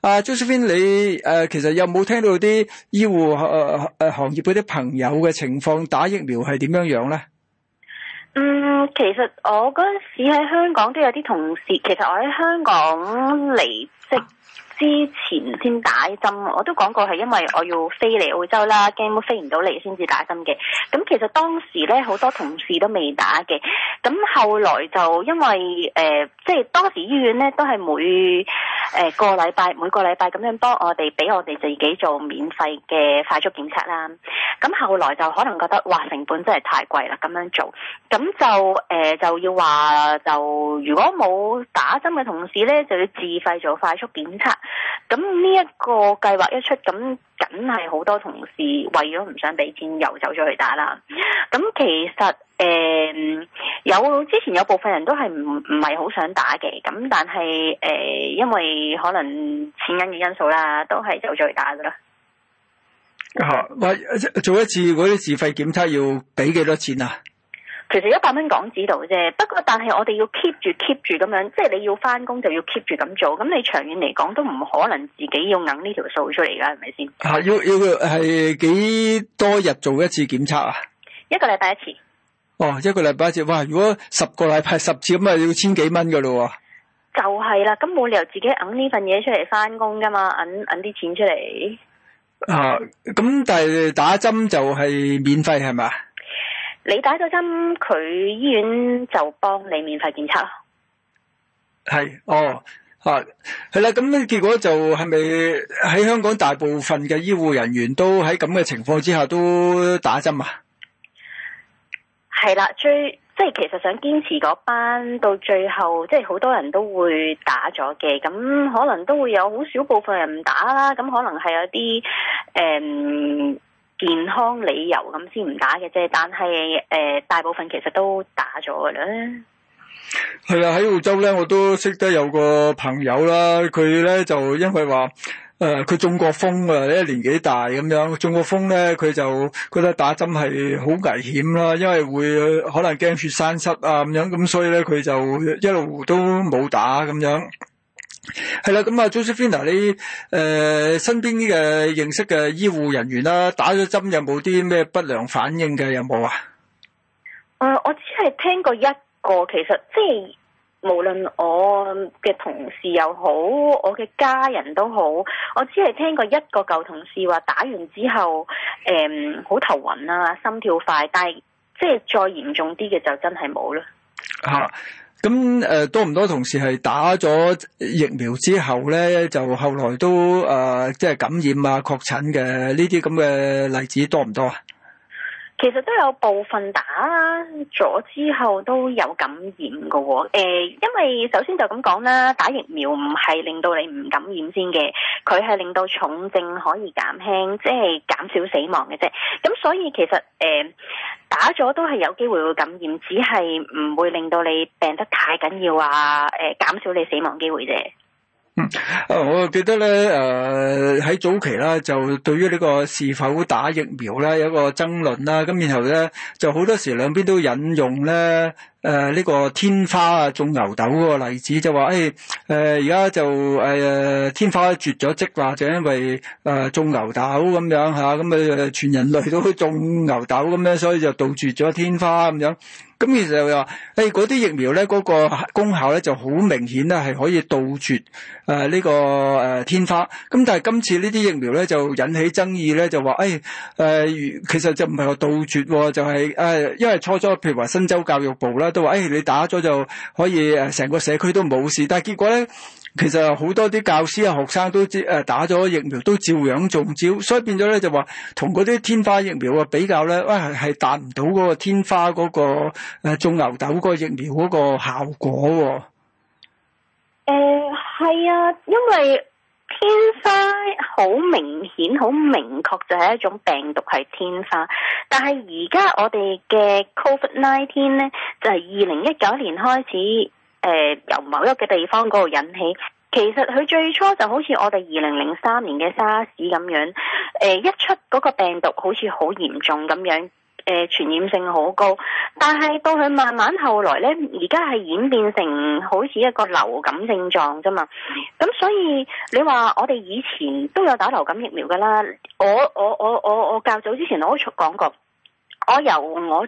阿、啊、Josephine，你誒、啊、其實有冇聽到啲醫護誒誒、啊啊、行業嗰啲朋友嘅情況打疫苗係點樣樣咧？嗯，其實我嗰陣時喺香港都有啲同事，其實我喺香港離職。之前先打針，我都講過係因為我要飛嚟澳洲啦，驚飛唔到嚟先至打針嘅。咁其實當時咧好多同事都未打嘅，咁後來就因為誒，即、呃、係、就是、當時醫院咧都係每誒、呃、個禮拜每個禮拜咁樣幫我哋俾我哋自己做免費嘅快速檢測啦。咁後來就可能覺得哇成本真係太貴啦，咁樣做，咁就誒、呃、就要話就如果冇打針嘅同事咧，就要自費做快速檢測。咁呢一個計劃一出，咁梗係好多同事為咗唔想俾錢，又走咗去打啦。咁其實誒、呃，有之前有部分人都係唔唔係好想打嘅，咁但係誒、呃，因為可能錢銀嘅因素啦，都係走咗去打噶啦。好、啊，做一次嗰啲自費檢測要俾幾多錢啊？其實一百蚊港紙度啫，不過但係我哋要 keep 住 keep 住咁樣，即係你要翻工就要 keep 住咁做，咁你長遠嚟講都唔可能自己要揞呢條數出嚟噶係咪先？啊，要要係幾多日做一次檢測啊？一個禮拜一次。哦，一個禮拜一次，哇！如果十個禮拜十次咁啊，要千幾蚊噶咯？就係啦，咁冇理由自己揞呢份嘢出嚟翻工噶嘛，揞揞啲錢出嚟。啊，咁但係打針就係免費係咪？你打咗針，佢醫院就幫你免費檢測咯。係哦，啊，係啦，咁咧結果就係咪喺香港大部分嘅醫護人員都喺咁嘅情況之下都打針啊？係啦，最即係其實想堅持嗰班到最後，即係好多人都會打咗嘅，咁可能都會有好少部分人唔打啦，咁可能係有啲誒。嗯健康理由咁先唔打嘅啫，但係誒、呃，大部分其實都打咗噶啦。係啦，喺澳洲咧，我都識得有個朋友啦，佢咧就因為話誒，佢、呃、中過風啊，一年幾大咁樣中過風咧，佢就覺得打針係好危險啦，因為會可能驚血栓塞啊咁樣，咁所以咧佢就一路都冇打咁樣。係啦，咁啊，Josephina，你誒、呃、身邊嘅認識嘅醫護人員啦、啊，打咗針有冇啲咩不良反應嘅有冇啊？誒、呃，我只係聽過一個，其實即係、就是、無論我嘅同事又好，我嘅家人都好，我只係聽過一個舊同事話打完之後，誒、呃，好頭暈啊，心跳快，但係即係再嚴重啲嘅就真係冇啦。啊！咁誒，多唔多同事係打咗疫苗之後咧，就後來都誒、呃，即係感染啊、確診嘅呢啲咁嘅例子多唔多啊？其實都有部分打咗之後都有感染噶、哦，誒、呃，因為首先就咁講啦，打疫苗唔係令到你唔感染先嘅，佢係令到重症可以減輕，即係減少死亡嘅啫。咁所以其實誒、呃，打咗都係有機會會感染，只係唔會令到你病得太緊要啊，誒、呃，減少你死亡機會啫。啊、嗯，我啊記得咧，誒、呃、喺早期啦，就對於呢個是否打疫苗咧有一個爭論啦，咁然後咧就好多時兩邊都引用咧誒呢、呃這個天花啊種牛痘嗰個例子，就話誒誒而家就誒、呃、天花絕咗跡，或者因為誒、呃、種牛痘咁樣吓，咁啊全人類都種牛痘咁樣，所以就杜絕咗天花咁樣。咁其實就話，誒嗰啲疫苗咧，嗰、嗰個功效咧就好明顯咧，係可以杜絕誒呢、呃呢個誒、呃、天花。咁但係今次呢啲疫苗咧就引起爭議咧，就話，誒、哎、誒、呃，其實就唔係話杜絕、哦，就係、係、誒、哎，因為初初譬如話新州教育部咧都話，誒、哎、你打咗就可以誒成個社區都冇事，但係結果咧。其實好多啲教師啊、學生都誒打咗疫苗，都照樣中招，所以變咗咧就話同嗰啲天花疫苗啊比較咧，哇、哎、係達唔到嗰個天花嗰個誒種牛痘嗰個疫苗嗰個效果喎、哦。誒係、呃、啊，因為天花好明顯、好明確就係一種病毒係天花，但係而家我哋嘅 Covid nineteen 咧就係二零一九年開始。誒、呃，由某一個地方嗰度引起，其實佢最初就好似我哋二零零三年嘅沙士咁樣，誒、呃，一出嗰個病毒好似好嚴重咁樣，誒、呃，傳染性好高，但係到佢慢慢後來呢，而家係演變成好似一個流感症狀啫嘛，咁所以你話我哋以前都有打流感疫苗㗎啦，我我我我我較早之前我都講過，我由我。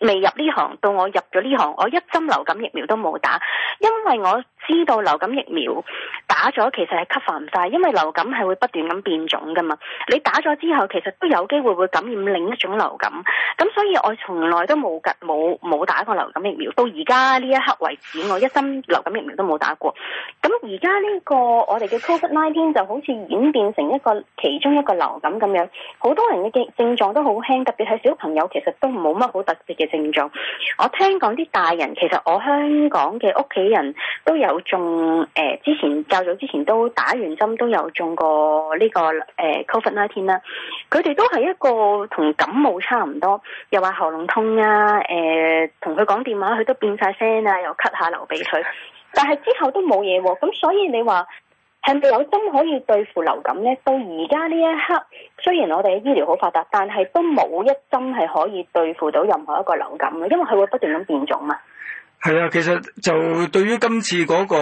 未入呢行，到我入咗呢行，我一針流感疫苗都冇打，因為我。知道流感疫苗打咗，其實係吸發晒，因為流感係會不斷咁變種噶嘛。你打咗之後其實都有機會會感染另一種流感。咁所以，我從來都冇冇冇打過流感疫苗。到而家呢一刻為止，我一針流感疫苗都冇打過，咁而家呢個我哋嘅 COVID-19 就好似演變成一個其中一個流感咁樣，好多人嘅症症狀都好輕，特別係小朋友其實都冇乜好特別嘅症狀，我聽講啲大人其實我香港嘅屋企人都有。有中誒、呃，之前較早之前都打完針，都有中過呢、這個誒、呃，Covid nineteen 啦。佢哋、啊、都係一個同感冒差唔多，又話喉嚨痛啊，誒、呃，同佢講電話佢都變晒聲啊，又咳下流鼻水。但係之後都冇嘢喎。咁所以你話係咪有針可以對付流感呢？到而家呢一刻，雖然我哋嘅醫療好發達，但係都冇一針係可以對付到任何一個流感嘅，因為佢會不斷咁變種嘛、啊。係啊，其實就對於今次嗰個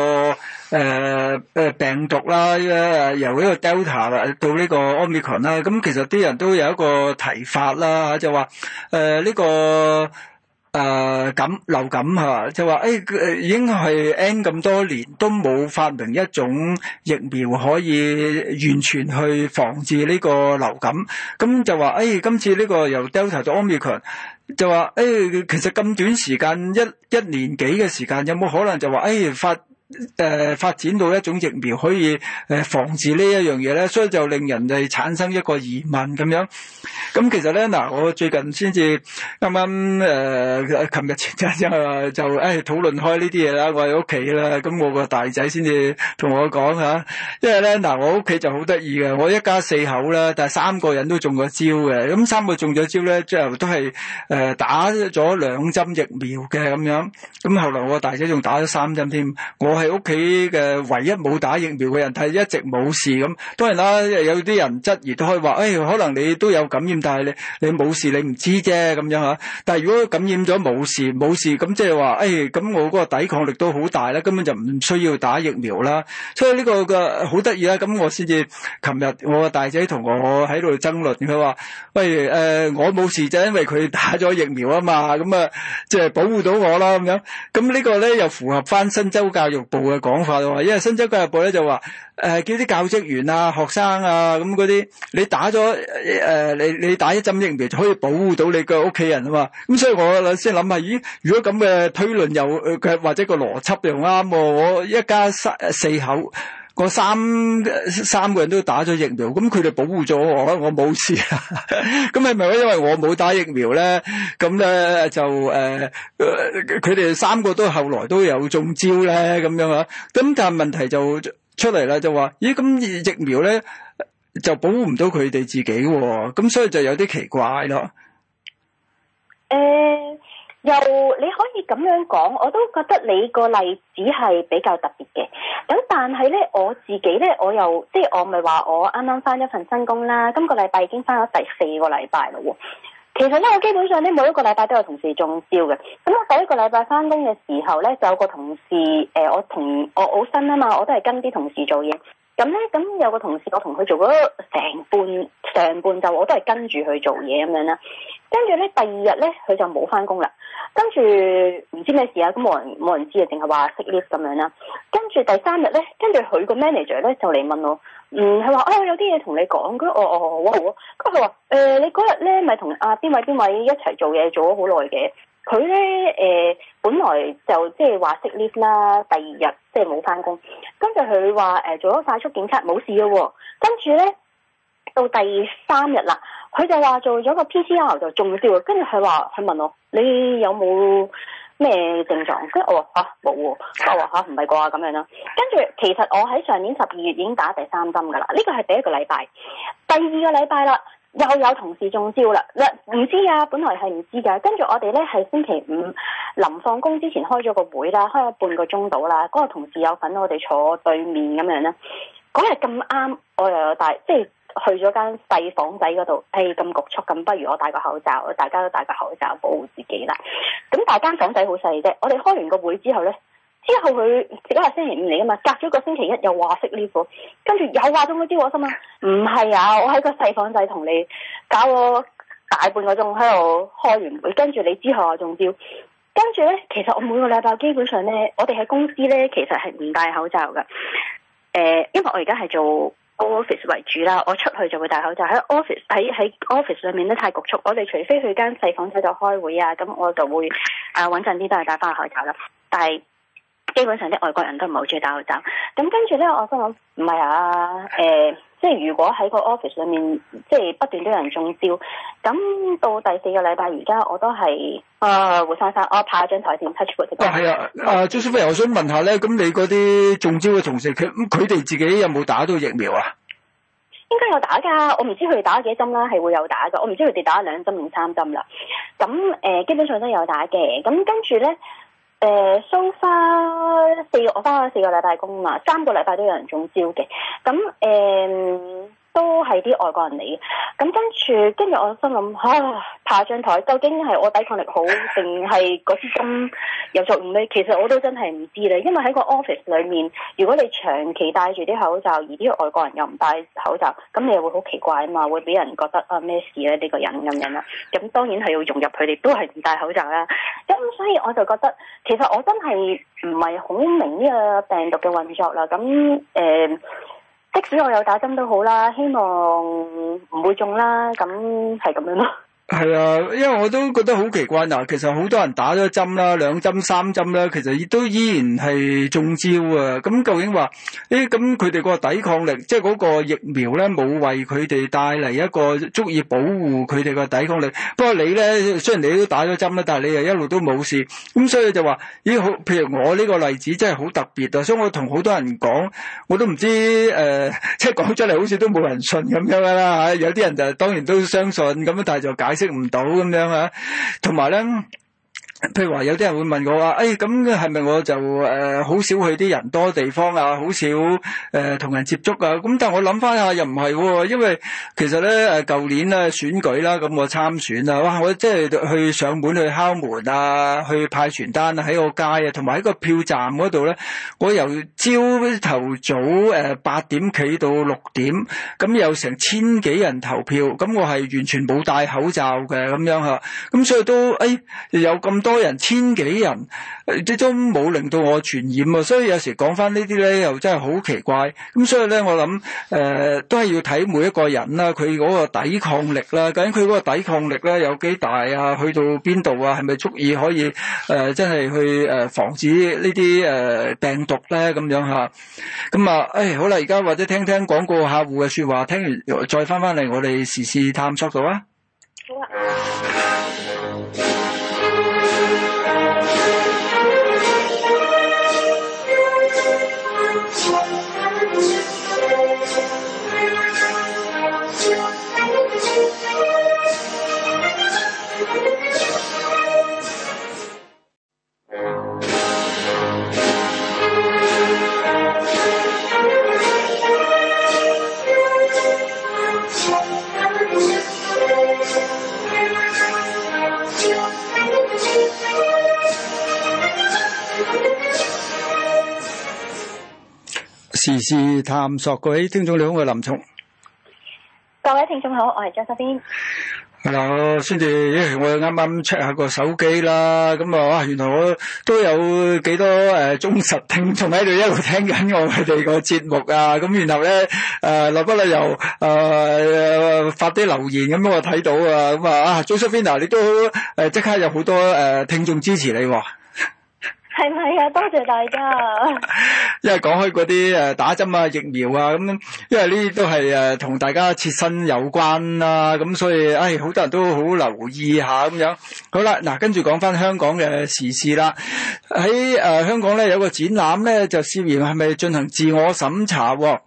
誒誒病毒啦，誒由呢個 Delta 到呢個 Omicron 啦，咁其實啲人都有一個提法啦，就話誒呢個誒感流感吓，就話誒誒已經係 N 咁多年都冇發明一種疫苗可以完全去防治呢個流感，咁就話誒今次呢個由 Delta 到 Omicron。就話誒、哎，其實咁短時間一一年幾嘅時間，有冇可能就話誒、哎、發誒、呃，發展到一種疫苗，可以誒、呃、防治呢一樣嘢咧，所以就令人係產生一個疑問咁樣。咁、嗯、其實咧，嗱、呃，我最近先至啱啱誒，琴、呃、日前一陣就誒討論開呢啲嘢啦。我喺屋企啦，咁、嗯、我個大仔先至同我講吓、啊，因為咧嗱、呃，我屋企就好得意嘅，我一家四口啦，但係三個人都中咗招嘅。咁、嗯、三個中咗招咧，最後都係誒、呃、打咗兩針疫苗嘅咁樣。咁、嗯嗯、後來我個大仔仲打咗三針添，我。我係屋企嘅唯一冇打疫苗嘅人，但係一直冇事咁。當然啦，有啲人質疑都可以話，誒、哎，可能你都有感染，但係你你冇事，你唔知啫咁樣吓。但係如果感染咗冇事冇事，咁即係話，誒，咁、哎、我嗰個抵抗力都好大啦，根本就唔需要打疫苗啦。所以呢、這個個好得意啦。咁我先至琴日，我大姐同我喺度爭論，佢話，不如誒，我冇事就是、因為佢打咗疫苗啊嘛，咁啊，即係保護到我啦咁樣。咁呢個咧又符合翻新州教育部嘅講法，因為新州教育部咧就話誒、呃，叫啲教職員啊、學生啊咁嗰啲，你打咗誒、呃，你你打一針疫苗就可以保護到你個屋企人啊嘛，咁、嗯、所以我先諗下，咦？如果咁嘅推論又、呃、或者個邏輯又啱喎、啊，我一家四四口。個三三個人都打咗疫苗，咁佢哋保護咗我，我冇事。咁係咪因為我冇打疫苗咧？咁咧就誒，呃、呃、佢哋三個都後來都有中招咧，咁樣啊，咁但係問題就出嚟啦，就話咦，咁疫苗咧就保護唔到佢哋自己、哦，咁所以就有啲奇怪咯。誒。嗯又你可以咁樣講，我都覺得你個例子係比較特別嘅。咁但係呢，我自己呢，我又即係我咪話我啱啱翻咗份新工啦。今個禮拜已經翻咗第四個禮拜嘞。其實呢，我基本上呢，每一個禮拜都有同事中招嘅。咁我第一個禮拜翻工嘅時候呢，就有個同事誒，我同我好新啊嘛，我都係跟啲同事做嘢。咁呢，咁有個同事我同佢做咗成半上半晝，我都係跟住佢做嘢咁樣啦。跟住咧，第二日咧，佢就冇翻工啦。跟住唔知咩事啊，咁冇人冇人知啊，淨係話 sick leave 咁樣啦。跟住第三日咧，跟住佢個 manager 咧就嚟問我，嗯，佢話哦我有啲嘢同你講，佢哦哦哦，佢話誒你嗰日咧咪同阿邊位邊位一齊做嘢做咗好耐嘅，佢咧誒本來就即係話 sick leave 啦，第二日即係冇翻工，跟住佢話誒做咗快速檢測冇事咯，哦，跟住咧到第三日啦。佢就話做咗個 PCR 就中招，跟住佢話佢問我：你有冇咩症狀？跟住我話嚇冇喎，我話嚇唔係啩咁樣啦。跟住其實我喺上年十二月已經打第三針㗎啦，呢個係第一個禮拜，第二個禮拜啦，又有同事中招啦。唔知啊，本來係唔知㗎。跟住我哋呢係星期五臨放工之前開咗個會啦，開咗半個鐘度啦。嗰個同事有份我哋坐對面咁樣咧，嗰日咁啱我又有帶即係。去咗間細房仔嗰度，誒，咁局促，咁不如我戴個口罩，大家都戴個口罩保護自己啦。咁大間房仔好細啫，我哋開完個會之後呢，之後佢即係星期五嚟啊嘛，隔咗個星期一又話識呢個，跟住又話中咗招，我心啊！唔係啊，我喺個細房仔同你搞咗大半個鐘喺度開完會，跟住你之後又中招，跟住呢，其實我每個禮拜基本上呢，我哋喺公司呢，其實係唔戴口罩噶誒、呃，因為我而家係做 office 為主啦，我出去就會戴口罩，喺 office 喺喺 office 上面咧，太局促，我哋除非去間細房仔度開會啊，咁我就會誒穩陣啲都係戴翻個口罩啦。但係基本上啲外國人都唔係好中意戴口罩。咁跟住咧，我心諗唔係啊誒。呃即係如果喺個 office 上面，即係不斷都有人中招，咁到第四個禮拜，而家我都係，誒，胡生生，我拍下張台先 touch wood。哦，係啊，誒、啊，朱師傅，我想問下咧，咁你嗰啲中招嘅同事，佢佢哋自己有冇打到疫苗啊？應該有打噶，我唔知佢哋打咗幾針啦，係會有打噶，我唔知佢哋打咗兩針定三針啦。咁誒、呃，基本上都有打嘅，咁跟住咧。誒，收翻四，我翻咗四個禮拜工啊嘛，三個禮拜都有人中招嘅，咁誒。都係啲外國人嚟嘅，咁跟住，跟住我心諗啊，爬上台，究竟係我抵抗力好，定係嗰啲咁有作用咧？其實我都真係唔知咧，因為喺個 office 裏面，如果你長期戴住啲口罩，而啲外國人又唔戴口罩，咁你又會好奇怪啊嘛，會俾人覺得啊咩事咧、啊、呢、呢個人咁樣啦？咁當然係要融入佢哋，都係唔戴口罩啦。咁所以我就覺得，其實我真係唔係好明呢個病毒嘅運作啦。咁誒。欸即使我有打針都好啦，希望唔會中啦，咁係咁樣咯。係啊，因為我都覺得好奇怪嗱，其實好多人打咗針啦，兩針、三針啦，其實亦都依然係中招啊。咁究竟話，誒，咁佢哋個抵抗力，即係個疫苗咧，冇為佢哋帶嚟一個足以保護佢哋個抵抗力。不過你咧，雖然你都打咗針啦，但係你又一路都冇事。咁所以就話，咦，好，譬如我呢個例子真係好特別啊。所以我同好多人講，我都唔知誒，即係講出嚟好似都冇人信咁樣噶啦吓。有啲人就當然都相信咁，但係就解。識唔到咁樣啊，同埋咧。譬如話有啲人會問我話，誒咁係咪我就誒好、呃、少去啲人多地方啊，好少誒同、呃、人接觸啊？咁但係我諗翻下又唔係喎，因為其實咧誒舊年咧選舉啦，咁我參選啊，哇！我即係去上門去敲門啊，去派傳單啊，喺個街啊，同埋喺個票站嗰度咧，我由朝頭早誒八點企到六點，咁有成千幾人投票，咁我係完全冇戴口罩嘅咁樣嚇，咁所以都誒、哎、有咁多。多人千幾人，最終冇令到我傳染啊！所以有時講翻呢啲咧，又真係好奇怪。咁所以咧，我諗誒、呃、都係要睇每一個人啦、啊，佢嗰個抵抗力啦、啊，究竟佢嗰個抵抗力咧、啊、有幾大啊？去到邊度啊？係咪足以可以誒、呃，真係去誒防止呢啲誒病毒咧咁樣嚇？咁啊，誒、啊哎、好啦，而家或者聽聽廣告客戶嘅説話，聽完再翻翻嚟，我哋時事探索到啊！好啊。 時事探索，各位聽眾你好，我係林聰，各位聽眾好，我係張淑貞。係啦，先至我啱啱 check 下個手機啦，咁啊，哇，原來我都有幾多誒忠實聽眾喺度一路聽緊我哋個節目啊，咁然後咧誒，立不立又誒發啲留言咁，我睇到啊，咁啊，張淑貞啊，你都誒即刻有好多誒聽眾支持你。係咪啊？多謝大家。因為講開嗰啲誒打針啊、疫苗啊咁，因為呢啲都係誒同大家切身有關啦，咁所以誒好多人都好留意下咁樣。好啦，嗱跟住講翻香港嘅時事啦。喺誒香港咧有個展覽咧，就涉嫌係咪進行自我審查喎？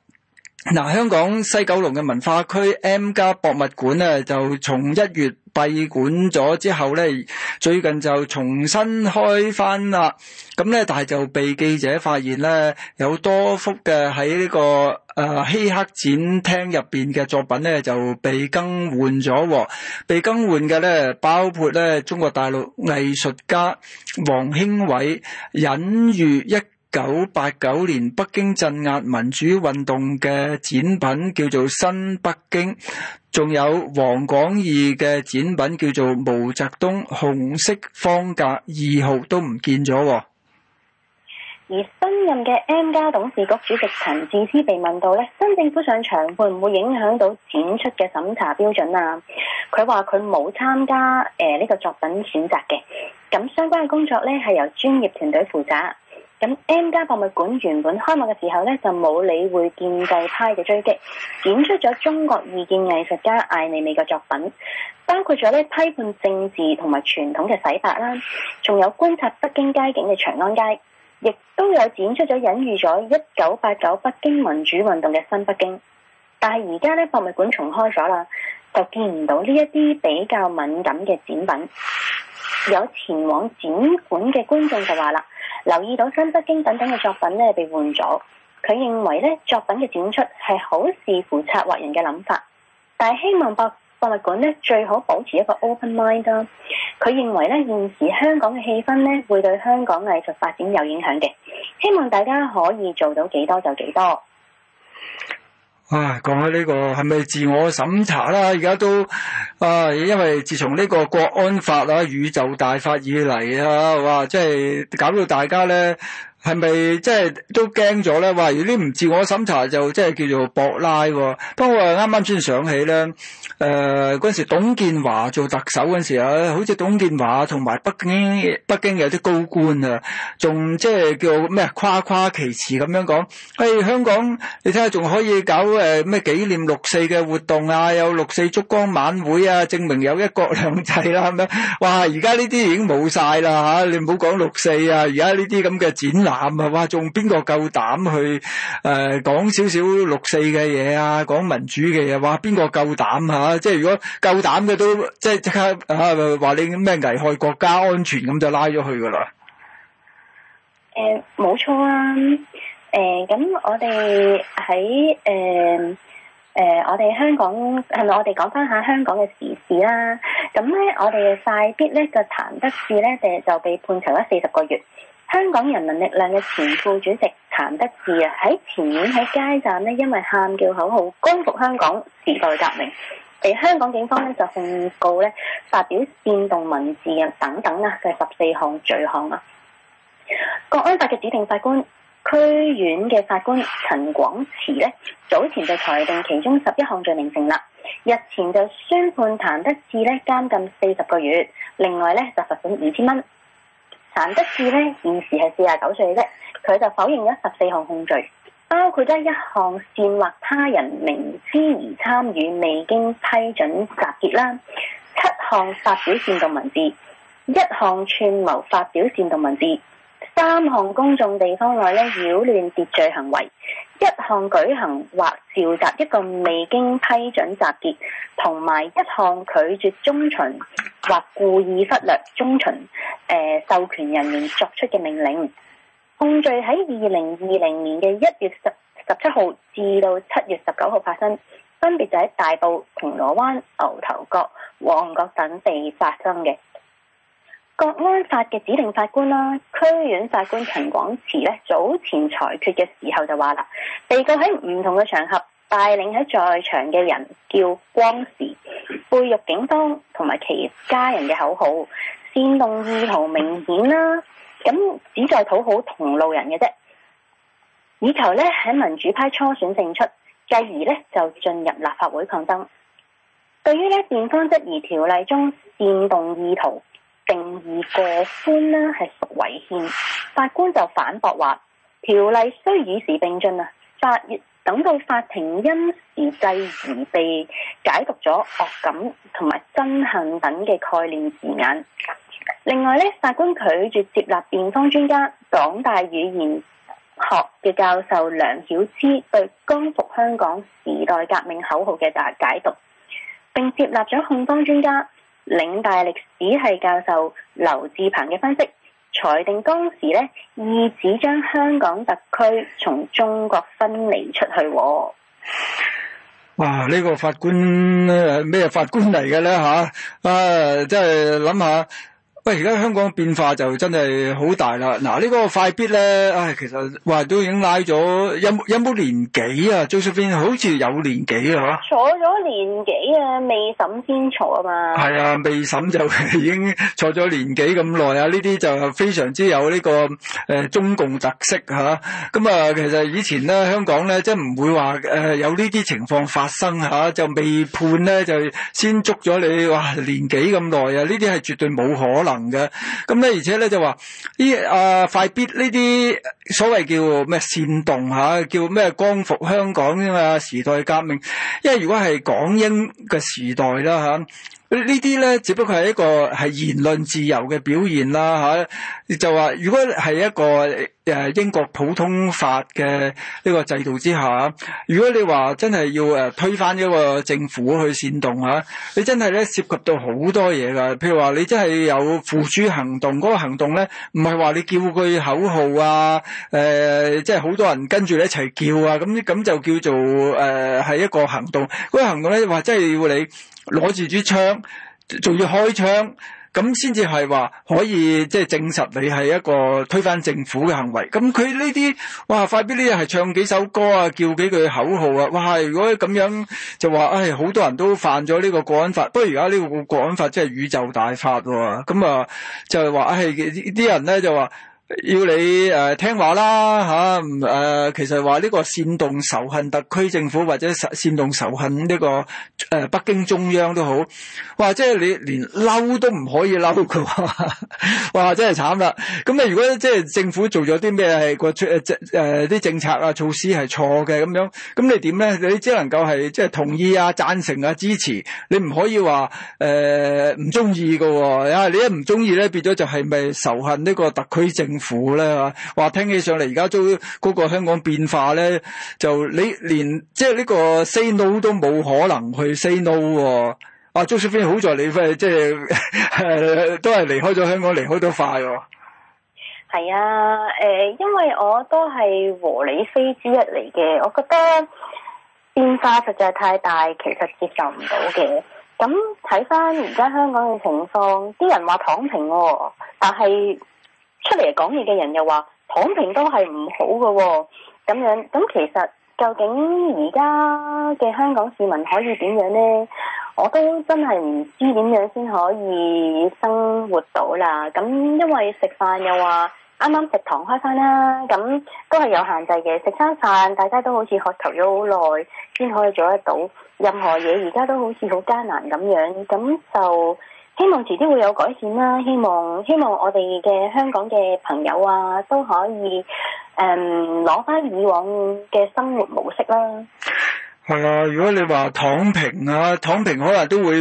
嗱，香港西九龍嘅文化區 M+ 博物館咧，就從一月，閉館咗之後咧，最近就重新開翻啦。咁咧，但係就被記者發現咧，有多幅嘅喺呢個誒、呃、希克展廳入邊嘅作品咧就被更換咗、哦。被更換嘅咧，包括咧中國大陸藝術家王興偉《隱喻一》。九八九年北京鎮壓民主運動嘅展品叫做《新北京》，仲有王廣義嘅展品叫做《毛澤東紅色方格二號》都唔見咗。而新任嘅 M 家董事局主席陳智思被問到呢，新政府上場會唔會影響到展出嘅審查標準啊？佢話佢冇參加誒呢、呃，這個作品選擇嘅，咁相關嘅工作呢，係由專業團隊負責。咁 M+ 博物館原本開幕嘅時候咧，就冇理會建制派嘅追擊，展出咗中國異見藝術家艾未未嘅作品，包括咗咧批判政治同埋傳統嘅洗白啦，仲有觀察北京街景嘅長安街，亦都有展出咗隱喻咗一九八九北京民主運動嘅新北京。但係而家咧，博物館重開咗啦，就見唔到呢一啲比較敏感嘅展品。有前往展館嘅觀眾就話啦。留意到《新北京》等等嘅作品咧被換咗，佢認為咧，作品嘅展出係好視乎策劃人嘅諗法，但係希望博博物館咧最好保持一個 open mind 啊。佢認為咧現時香港嘅氣氛咧會對香港藝術發展有影響嘅，希望大家可以做到幾多就幾多。唉，講起呢個係咪自我審查啦？而家都啊，因為自從呢個國安法啊、宇宙大法以嚟啊，哇，即係搞到大家咧。係咪即係都驚咗咧？哇！如果唔自我審查就即係叫做博拉、哦。不過我啱啱先想起咧，誒嗰陣時董建華做特首嗰陣時啊，好似董建華同埋北京北京有啲高官啊，仲即係叫咩誇誇其詞咁樣講，誒、哎、香港你睇下仲可以搞誒咩紀念六四嘅活動啊，有六四燭光晚會啊，證明有一國兩制啦係咪？哇！而家呢啲已經冇晒啦嚇，你唔好講六四啊，而家呢啲咁嘅展覽。啊話仲邊個夠膽去誒，講少少六四嘅嘢啊，講民主嘅嘢，話邊個夠膽吓？即係如果夠膽嘅都即係即刻吓話、啊、你咩危害國家安全咁就拉咗去噶啦。誒、呃，冇錯啊。誒、呃，咁我哋喺誒誒，我哋香港係咪？是是我哋講翻下香港嘅時事啦、啊。咁咧，我哋快必咧個譚得志咧就就被判囚咗四十個月。香港人民力量嘅前副主席譚得志啊，喺前晚喺街站呢，因為喊叫口號“光復香港，時代革命”，被香港警方呢就控告呢發表煽動文字啊等等啊，嘅十四項罪項啊。國安法嘅指定法官區院嘅法官陳廣池呢，早前就裁定其中十一項罪名成立，日前就宣判譚得志呢監禁四十個月，另外呢，就罰款五千蚊。譚得志呢現時係四十九歲啫，佢就否認咗十四項控罪，包括咗一項煽惑他人明知而參與未經批准集結啦，七項發表煽動文字，一項串謀發表煽動文字，三項公眾地方內咧擾亂秩序行為，一項舉行或召集一個未經批准集結，同埋一項拒絕遵從或故意忽略遵從誒、呃、授權人員作出嘅命令。控罪喺二零二零年嘅一月十十七號至到七月十九號發生，分別就喺大埔、銅鑼灣、牛頭角、旺角等地發生嘅。國安法嘅指定法官啦、啊，區院法官陳廣池咧早前裁決嘅時候就話啦，被告喺唔同嘅場合帶領喺在，在場嘅人叫光時、背獄警方同埋其家人嘅口號，煽動意圖明顯啦、啊，咁只在討好同路人嘅啫，以求呢喺民主派初選勝出，繼而呢就進入立法會抗爭。對於呢辯方質疑條例中煽動意圖。定義過寬呢係屬違憲，法官就反駁話條例需與時並進啊！法等到法庭因時制而被解讀咗惡感同埋憎恨等嘅概念字眼。另外呢，法官拒絕接納辯方專家港大語言學嘅教授梁曉之對光復香港時代革命口號嘅大解讀，並接納咗控方專家。領大歷史系教授劉志鵬嘅分析，裁定當時咧，意指將香港特區從中國分離出去，哦。哇！呢、呢個法官咩法官嚟嘅咧吓？啊，即係諗下，喂，而家香港變化就真係好大啦。嗱，啊，呢、呢個快必咧，唉，哎，其實話都已經拉咗有有冇年紀啊？最出邊好似有年紀啊？坐咗年紀啊？未審先坐啊嘛，係啊，未審就已經坐咗年幾咁耐啊！呢啲就非常之有呢、這個誒、呃、中共特色嚇、啊。咁啊，其實以前咧香港咧，即係唔會話誒、呃、有呢啲情況發生嚇、啊，就未判咧就先捉咗你哇年幾咁耐啊！呢啲係絕對冇可能嘅。咁、啊、咧，而且咧就話呢啊快必呢啲所謂叫咩煽動嚇、啊，叫咩光復香港啊嘛，時代革命，因為如果係港英嘅時時代啦吓。呢啲咧，只不過係一個係言論自由嘅表現啦，嚇、啊！就話如果係一個誒、呃、英國普通法嘅呢個制度之下，如果你話真係要誒、呃、推翻一個政府去煽動嚇、啊，你真係咧涉及到好多嘢㗎。譬如話，你真係有付諸行動，嗰、那個行動咧，唔係話你叫佢口號啊，誒、呃，即係好多人跟住你一齊叫啊，咁咁就叫做誒係、呃、一個行動。嗰、那個行動咧，話真係要你。攞住支槍，仲要開槍，咁先至係話可以即係證實你係一個推翻政府嘅行為。咁佢呢啲哇，快必呢啲係唱幾首歌啊，叫幾句口號啊！哇，如果咁樣就話，唉、哎，好多人都犯咗呢個國安法。不過而家呢個國安法真係宇宙大法喎。咁啊，就係話，唉、哎，啲人咧就話，要你誒、呃、聽話啦吓，誒、啊呃、其實話呢個煽動仇恨，特區政府或者煽動仇恨呢、這個誒、呃、北京中央都好，哇！即係你連嬲都唔可以嬲，佢話，哇真係慘啦！咁你如果即係政府做咗啲咩係個出誒誒啲政策啊措施係錯嘅咁樣，咁你點咧？你只能夠係即係同意啊贊成啊支持，你唔可以話誒唔中意噶，啊、呃哦、你一唔中意咧，變咗就係咪仇恨呢個特區政苦咧嚇，話聽起上嚟而家租嗰個香港變化咧，就你連即係呢個 say no 都冇可能去 say no 喎、哦。啊，Josephine 好在你飛即係都係離開咗香港，離開得快、哦。係啊，誒、呃，因為我都係和理非之一嚟嘅，我覺得變化實在太大，其實接受唔到嘅。咁睇翻而家香港嘅情況，啲人話躺平喎、哦，但係。出嚟講嘢嘅人又話躺平都係唔好嘅喎、哦，咁樣，咁其實究竟而家嘅香港市民可以點樣呢？我都真係唔知點樣先可以生活到啦。咁因為食飯又話啱啱食堂開翻啦，咁都係有限制嘅。食餐飯大家都好似渴求咗好耐先可以做得到任何嘢，而家都好似好艱難咁樣。咁就。希望遲啲會有改善啦！希望希望我哋嘅香港嘅朋友啊都可以誒攞翻以往嘅生活模式啦。係 啊，如果你話躺平啊，躺平可能都會。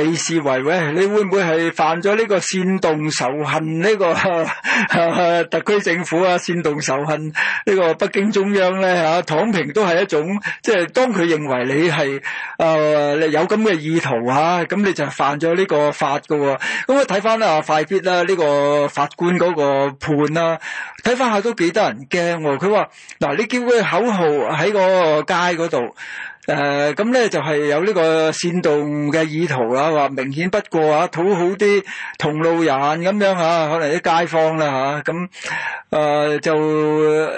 被視為喂，你會唔會係犯咗呢個煽動仇恨呢、這個呵呵特區政府啊？煽動仇恨呢個北京中央咧嚇、啊，躺平都係一種，即係當佢認為你係、呃、你有咁嘅意圖嚇、啊，咁你就犯咗呢個法嘅喎、哦。咁我睇翻啊，快必啦、啊，呢、這個法官嗰個判啦、啊，睇翻下都幾得人驚喎、哦。佢話嗱，你叫佢口號喺個街嗰度。誒，咁咧、呃、就係有呢個煽動嘅意圖啦，話明顯不過啊，討好啲同路人咁樣吓，可能啲街坊啦吓，咁、啊、誒、呃、就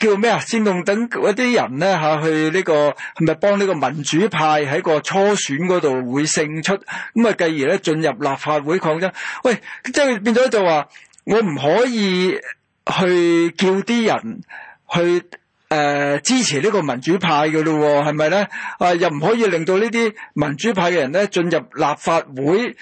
叫咩啊？煽動等一啲人咧吓、這個，去呢個係咪幫呢個民主派喺個初選嗰度會勝出？咁啊，繼而咧進入立法會抗爭。喂，即、就、係、是、變咗就話我唔可以去叫啲人去。誒、呃，支持呢個民主派嘅咯、哦，係咪咧？啊，又唔可以令到呢啲民主派嘅人咧進入立法會，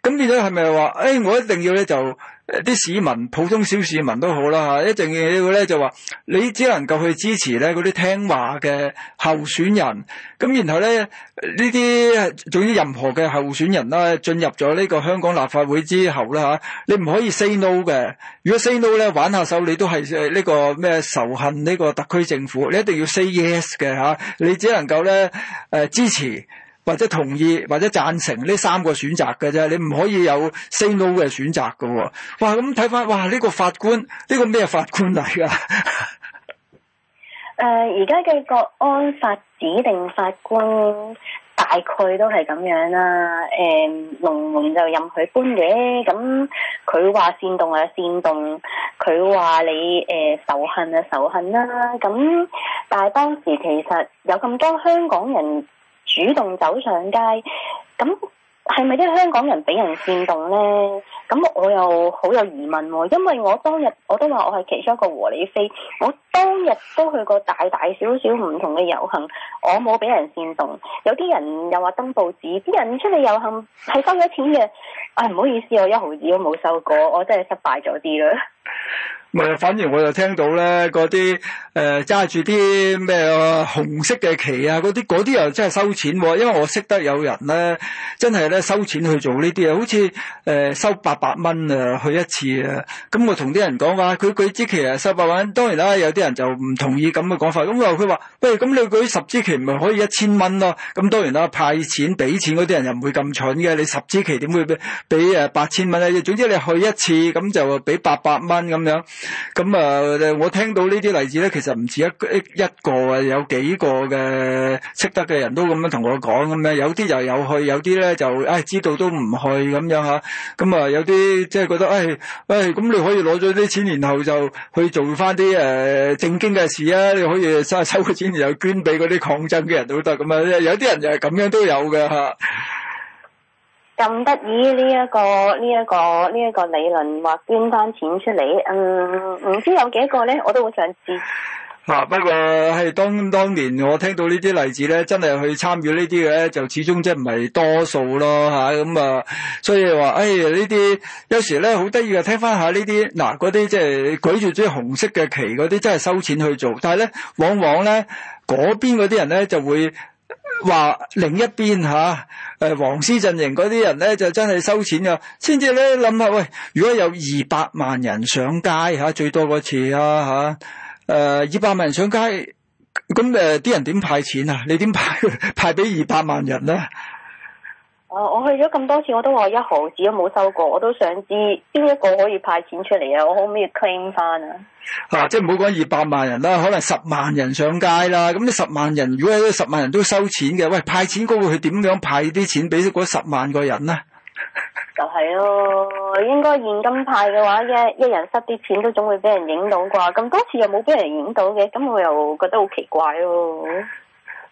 咁變咗係咪話？誒、哎，我一定要咧就。誒，啲市民，普通小市民都好啦吓，一定要咧就話，你只能夠去支持咧嗰啲聽話嘅候選人，咁然後咧呢啲，總之任何嘅候選人啦，進入咗呢個香港立法會之後啦吓，你唔可以 say no 嘅。如果 say no 咧玩下手，你都係誒呢個咩仇恨呢個特區政府，你一定要 say yes 嘅吓，你只能夠咧誒支持。或者同意，或者贊成呢三個選擇嘅啫，你唔可以有 say no 嘅選擇噶、哦。哇，咁睇翻哇呢、呢個法官呢、呢個咩法官嚟噶？誒 、呃，而家嘅國安法指定法官大概都係咁樣啦、啊。誒、呃，龍門就任佢搬嘅，咁佢話煽動啊煽動，佢話你誒、呃、仇恨啊仇恨啦、啊。咁但係當時其實有咁多香港人。主動走上街，咁係咪啲香港人俾人煽動呢？咁我又好有疑問喎、哦，因為我當日我都話我係其中一個和理非，我當日都去過大大小小唔同嘅遊行，我冇俾人煽動。有啲人又話登報紙，啲人出嚟遊行係收咗錢嘅。唉、哎，唔好意思，我一毫子都冇收過，我真係失敗咗啲啦。 反而我就聽到咧，嗰啲誒揸住啲咩紅色嘅旗啊，嗰啲啲又真係收錢喎、哦。因為我識得有人咧，真係咧收錢去做呢啲、呃、啊。好似誒收八百蚊啊去一次啊。咁、嗯、我同啲人講話，佢舉支旗啊，收八百蚊。當然啦，有啲人就唔同意咁嘅講法。咁佢話：喂，咁你舉十支旗咪可以一千蚊咯？咁、嗯、當然啦，派錢俾錢嗰啲人又唔會咁蠢嘅。你十支旗點會俾誒八千蚊咧？總之你去一次咁就俾八百蚊咁樣。咁啊、嗯，我聽到呢啲例子咧，其實唔止一一個啊，有幾個嘅識得嘅人都咁樣同我講咁樣，有啲就有去，有啲咧就誒、哎、知道都唔去咁樣吓。咁、嗯、啊、嗯嗯，有啲即係覺得誒誒，咁、哎哎嗯、你可以攞咗啲錢，然後就去做翻啲誒正經嘅事啊。你可以收收咗錢，然後捐俾嗰啲抗爭嘅人都得咁啊。有啲人就係咁樣都有㗎吓。嗯咁得意呢一個呢一個呢一個理論，或捐翻錢出嚟，嗯，唔知有幾多個咧，我都好想知。嗱、啊，不過係當當年我聽到呢啲例子咧，真係去參與呢啲嘅，就始終即係唔係多數咯嚇，咁啊、嗯，所以話，哎呢啲有時咧好得意啊，聽翻下呢啲嗱，嗰啲即係舉住啲紅色嘅旗嗰啲，真係收錢去做，但係咧往往咧嗰邊嗰啲人咧就會。話另一邊吓，誒、啊，黃絲陣營嗰啲人咧就真係收錢噶，先至咧諗下喂，如果有二百萬人上街吓，最多嗰次啊吓，誒，二百萬人上街，咁、啊、誒，啲、啊、人點、呃、派錢啊？你點派 派俾二百萬人咧？我去咗咁多次，我都話一毫紙都冇收過，我都想知邊一個可以派錢出嚟啊！我可唔可以 claim 翻啊？嗱、啊，即係唔好講二百萬人啦，可能十萬人上街啦，咁你十萬人如果係十萬人都收錢嘅，喂，派錢嗰個佢點樣派啲錢俾嗰十萬個人呢？就係咯，應該現金派嘅話，一一人塞啲錢都總會俾人影到啩。咁多次又冇俾人影到嘅，咁我又覺得好奇怪咯。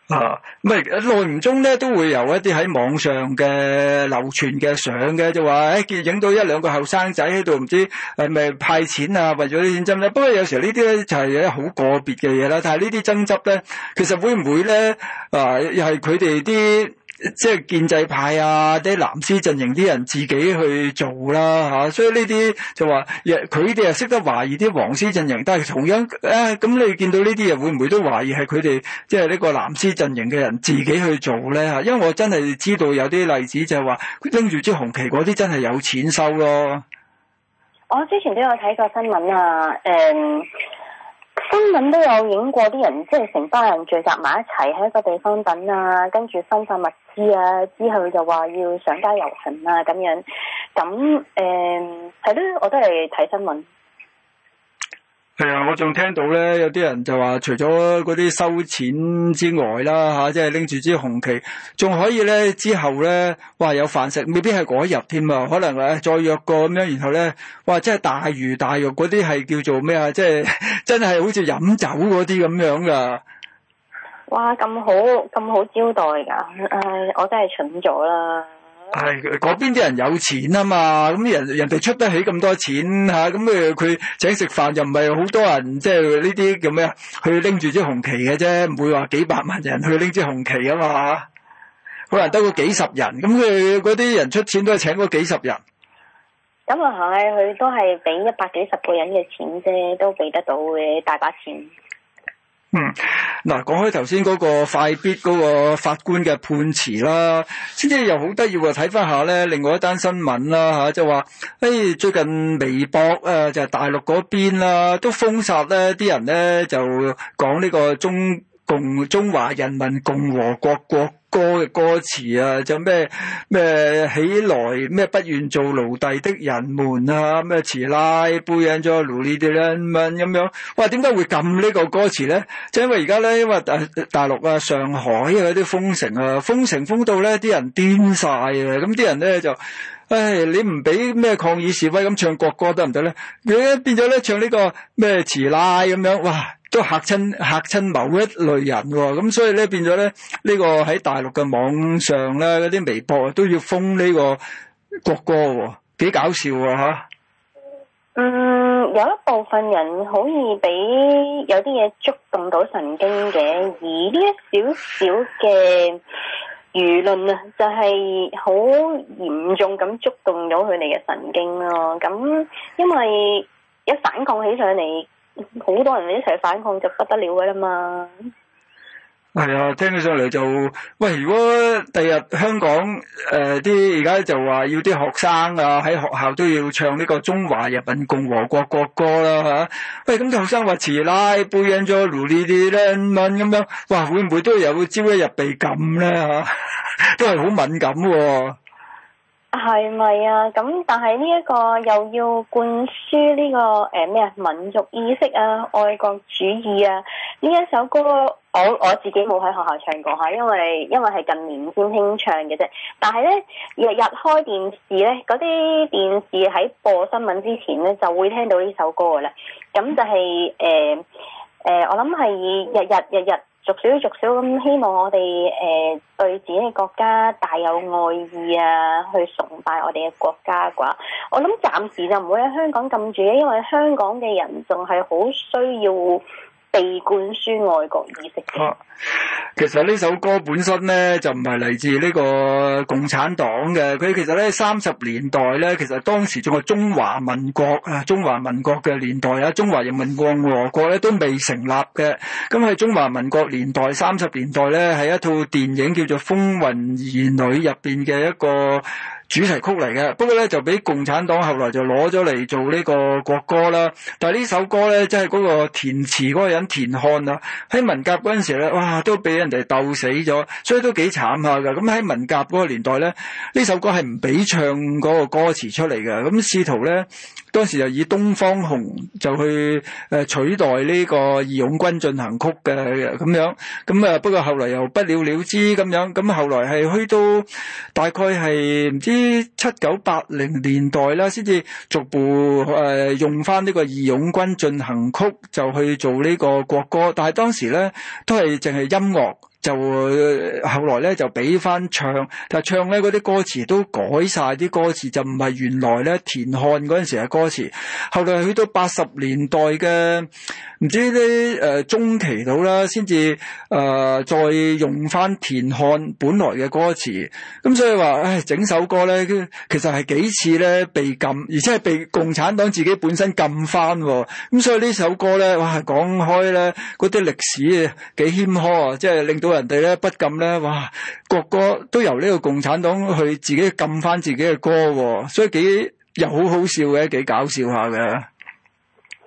啊，唔耐唔中咧都會有一啲喺網上嘅流傳嘅相嘅，就話誒見影到一兩個後生仔喺度，唔知係咪派錢啊，為咗啲現金咧。不過有時呢啲咧就係一啲好個別嘅嘢啦。但係呢啲爭執咧，其實會唔會咧啊？又係佢哋啲。即係建制派啊，啲藍絲陣營啲人自己去做啦吓、啊，所以呢啲就話，佢哋又識得懷疑啲黃絲陣營，但係同樣，誒、哎、咁你見到呢啲又會唔會都懷疑係佢哋，即係呢個藍絲陣營嘅人自己去做咧吓？因為我真係知道有啲例子就話拎住支紅旗嗰啲真係有錢收咯、哦。我之前都有睇過新聞啊，誒、嗯。新聞都有影過啲人，即係成班人聚集埋一齊喺一個地方等啊，跟住分發物資啊，之後就話要上街遊行啊咁樣。咁欸係咯，我都係睇新聞。係啊，我仲聽到咧，有啲人就話除咗嗰啲收錢之外啦，吓、啊、即係拎住支紅旗，仲可以咧之後咧，哇有飯食，未必係嗰一日添啊，可能話再約過咁樣，然後咧哇，即係大魚大肉嗰啲係叫做咩啊？即係真係好似飲酒嗰啲咁樣噶。哇，咁好咁好招待噶，唉、uh,，我真係蠢咗啦。係嗰邊啲人有錢啊嘛，咁人人哋出得起咁多錢吓，咁佢佢請食飯又唔係好多人，即係呢啲叫咩啊？去拎住支紅旗嘅啫，唔會話幾百萬人去拎支紅旗啊嘛，可能得個幾十人，咁佢嗰啲人出錢都係請個幾十人。咁啊係，佢都係俾一百幾十個人嘅錢啫，都俾得到嘅，大把錢。嗯，嗱，講開頭先個快必個法官嘅判詞啦，先至又好得意喎。睇翻下咧，另外一單新聞啦，吓、啊，就話，誒、哎，最近微博誒、啊、就係、是、大陸邊啦，都封殺咧啲人咧就講呢個中共中華人民共和國國。歌嘅歌詞啊，就咩咩起來，咩不願做奴隸的人們啊，咩慈拉背影咗奴隸哋咧咁樣，哇！點解會禁呢個歌詞咧？即係因為而家咧，因為大大陸啊、上海啊嗰啲封城啊，封城封到咧啲人癲晒啊，咁啲人咧就，唉，你唔俾咩抗議示威咁唱國歌得唔得咧？佢變咗咧唱呢個咩慈拉咁樣，哇！都嚇親嚇親某一類人喎，咁所以咧變咗咧呢個喺大陸嘅網上咧嗰啲微博都要封呢個國歌喎，幾搞笑啊嚇！嗯，有一部分人好易俾有啲嘢觸動到神經嘅，而呢一少少嘅輿論啊，就係好嚴重咁觸動到佢哋嘅神經咯。咁因為一反抗起上嚟。好多人一齊反抗就不得了嘅啦嘛，係啊，聽起上嚟就喂，如果第日香港誒啲而家就話要啲學生啊喺學校都要唱呢個中華人民共和國國歌啦吓、啊，喂咁啲、那個、學生話遲拉，背音咗奴呢啲爛文咁樣，哇會唔會都有朝一日被禁咧吓、啊，都係好敏感。係咪啊？咁但係呢一個又要灌輸呢個誒咩啊民族意識啊、愛國主義啊呢一首歌，我我自己冇喺學校唱過吓，因為因為係近年先興唱嘅啫。但係呢，日日開電視呢，嗰啲電視喺播新聞之前呢，就會聽到呢首歌噶啦。咁就係誒誒，我諗係日日日日，天天逐少逐少咁，希望我哋誒、呃、對自己嘅國家大有愛意啊，去崇拜我哋嘅國家啩。我諗暫時就唔會喺香港禁住嘅，因爲香港嘅人仲係好需要。被灌輸愛國意識。啊，其實呢首歌本身呢，就唔係嚟自呢個共產黨嘅，佢其實呢，三十年代呢，其實當時仲係中華民國啊，中華民國嘅年代啊，中華人民共和國呢，都未成立嘅。咁喺中華民國年代，三十年代呢，係一套電影叫做《風雲兒女》入邊嘅一個。主題曲嚟嘅，不過咧就俾共產黨後來就攞咗嚟做呢個國歌啦。但係呢首歌咧，真係嗰個填詞嗰個人田漢啊，喺文革嗰陣時咧，哇都俾人哋鬥死咗，所以都幾慘下㗎。咁喺文革嗰個年代咧，呢首歌係唔俾唱嗰個歌詞出嚟嘅，咁試圖咧。當時就以《東方紅》就去誒取代呢個《義勇軍進行曲》嘅咁樣，咁啊不過後嚟又不了了之咁樣，咁後來係去到大概係唔知七九八零年代啦，先至逐步誒、呃、用翻呢個《義勇軍進行曲》就去做呢個國歌，但係當時咧都係淨係音樂。就後來咧就俾翻唱，但唱咧啲歌詞都改曬啲歌詞就唔係原來咧田漢陣時嘅歌詞，後來去到八十年代嘅唔知啲誒、呃、中期度啦，先至誒再用翻田漢本來嘅歌詞，咁所以話唉，整首歌咧其實係幾次咧被禁，而且係被共產黨自己本身禁翻、哦。咁所以呢首歌咧，哇，講開咧啲歷史幾謙開啊，即係令到。人哋咧不禁咧，哇！國歌都由呢個共產黨去自己禁翻自己嘅歌，所以幾又好好笑嘅，幾搞笑下嘅。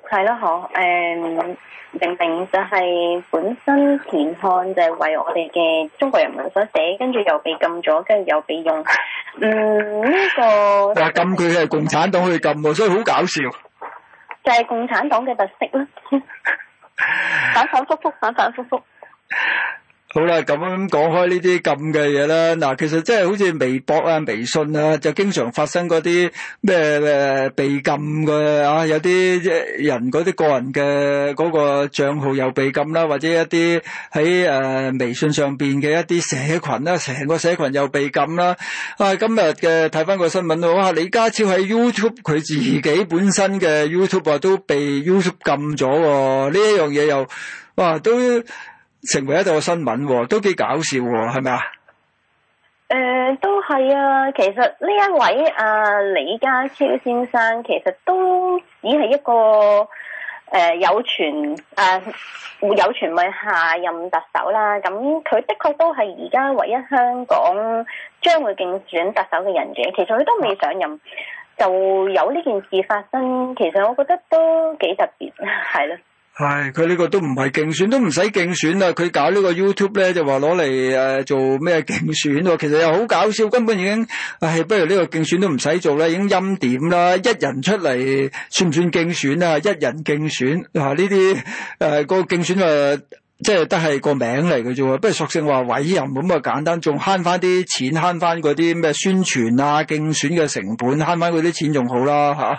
係咯，嗬？誒、嗯，明明就係本身田漢就係為我哋嘅中國人民所寫，跟住又被禁咗，跟住又被用。嗯，呢、這個。話禁佢係共產黨去禁，所以好搞笑。就係共產黨嘅特色囉， 反反复复，反反复复。好啦，咁講開呢啲禁嘅嘢啦，嗱，其實即係好似微博啊、微信啊，就經常發生嗰啲咩誒被禁嘅啊，有啲人嗰啲個人嘅嗰個帳號又被禁啦，或者一啲喺誒微信上邊嘅一啲社群啦，成個社群又被禁啦。啊，今日嘅睇翻個新聞啦、啊，李家超喺 YouTube 佢自己本身嘅 YouTube、啊、都被 YouTube 禁咗喎，呢、啊、一樣嘢又哇、啊、都～成為一道新聞，都幾搞笑，係咪啊？誒、呃，都係啊！其實呢一位阿、啊、李家超先生，其實都只係一個誒、呃、有傳誒、呃、有傳咪下任特首啦。咁佢的確都係而家唯一香港將會競選特首嘅人嘅。其實佢都未上任，就有呢件事發生。其實我覺得都幾特別，係啦。係，佢呢、哎、個都唔係競選，都唔使競選啦。佢搞個呢個 YouTube 咧，就話攞嚟誒做咩競選？其實又好搞笑，根本已經，唉，不如呢個競選都唔使做啦，已經欽點啦。一人出嚟算唔算競選啊？一人競選吓，呢啲誒個競選啊，呃那個選呃、即係都係個名嚟嘅啫。不如索性話委任咁啊，簡單，仲慳翻啲錢，慳翻嗰啲咩宣傳啊競選嘅成本，慳翻嗰啲錢仲好啦吓。啊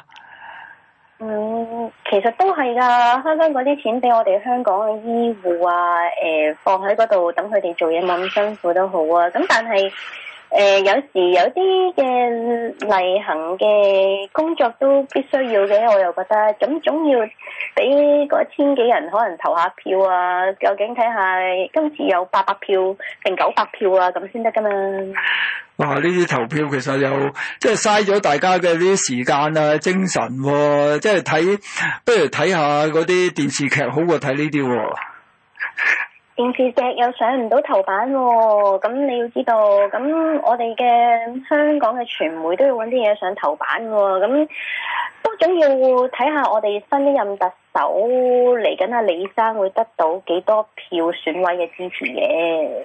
嗯，其實都係噶，開翻嗰啲錢俾我哋香港嘅醫護啊，誒、呃，放喺嗰度等佢哋做嘢冇咁辛苦都好啊，咁但係。誒、呃，有時有啲嘅例行嘅工作都必須要嘅，我又覺得咁總要俾嗰千幾人可能投下票啊，究竟睇下今次有八百票定九百票啊，咁先得噶嘛？哇！呢啲投票其實又即係嘥咗大家嘅呢啲時間啊，精神、啊，即係睇，不如睇下嗰啲電視劇好過睇呢啲喎。電視劇又上唔到頭版喎、哦，咁你要知道，咁我哋嘅香港嘅傳媒都要揾啲嘢上頭版喎、哦，咁都總要睇下我哋新一任特首嚟緊阿李生會得到幾多票選委嘅支持嘅。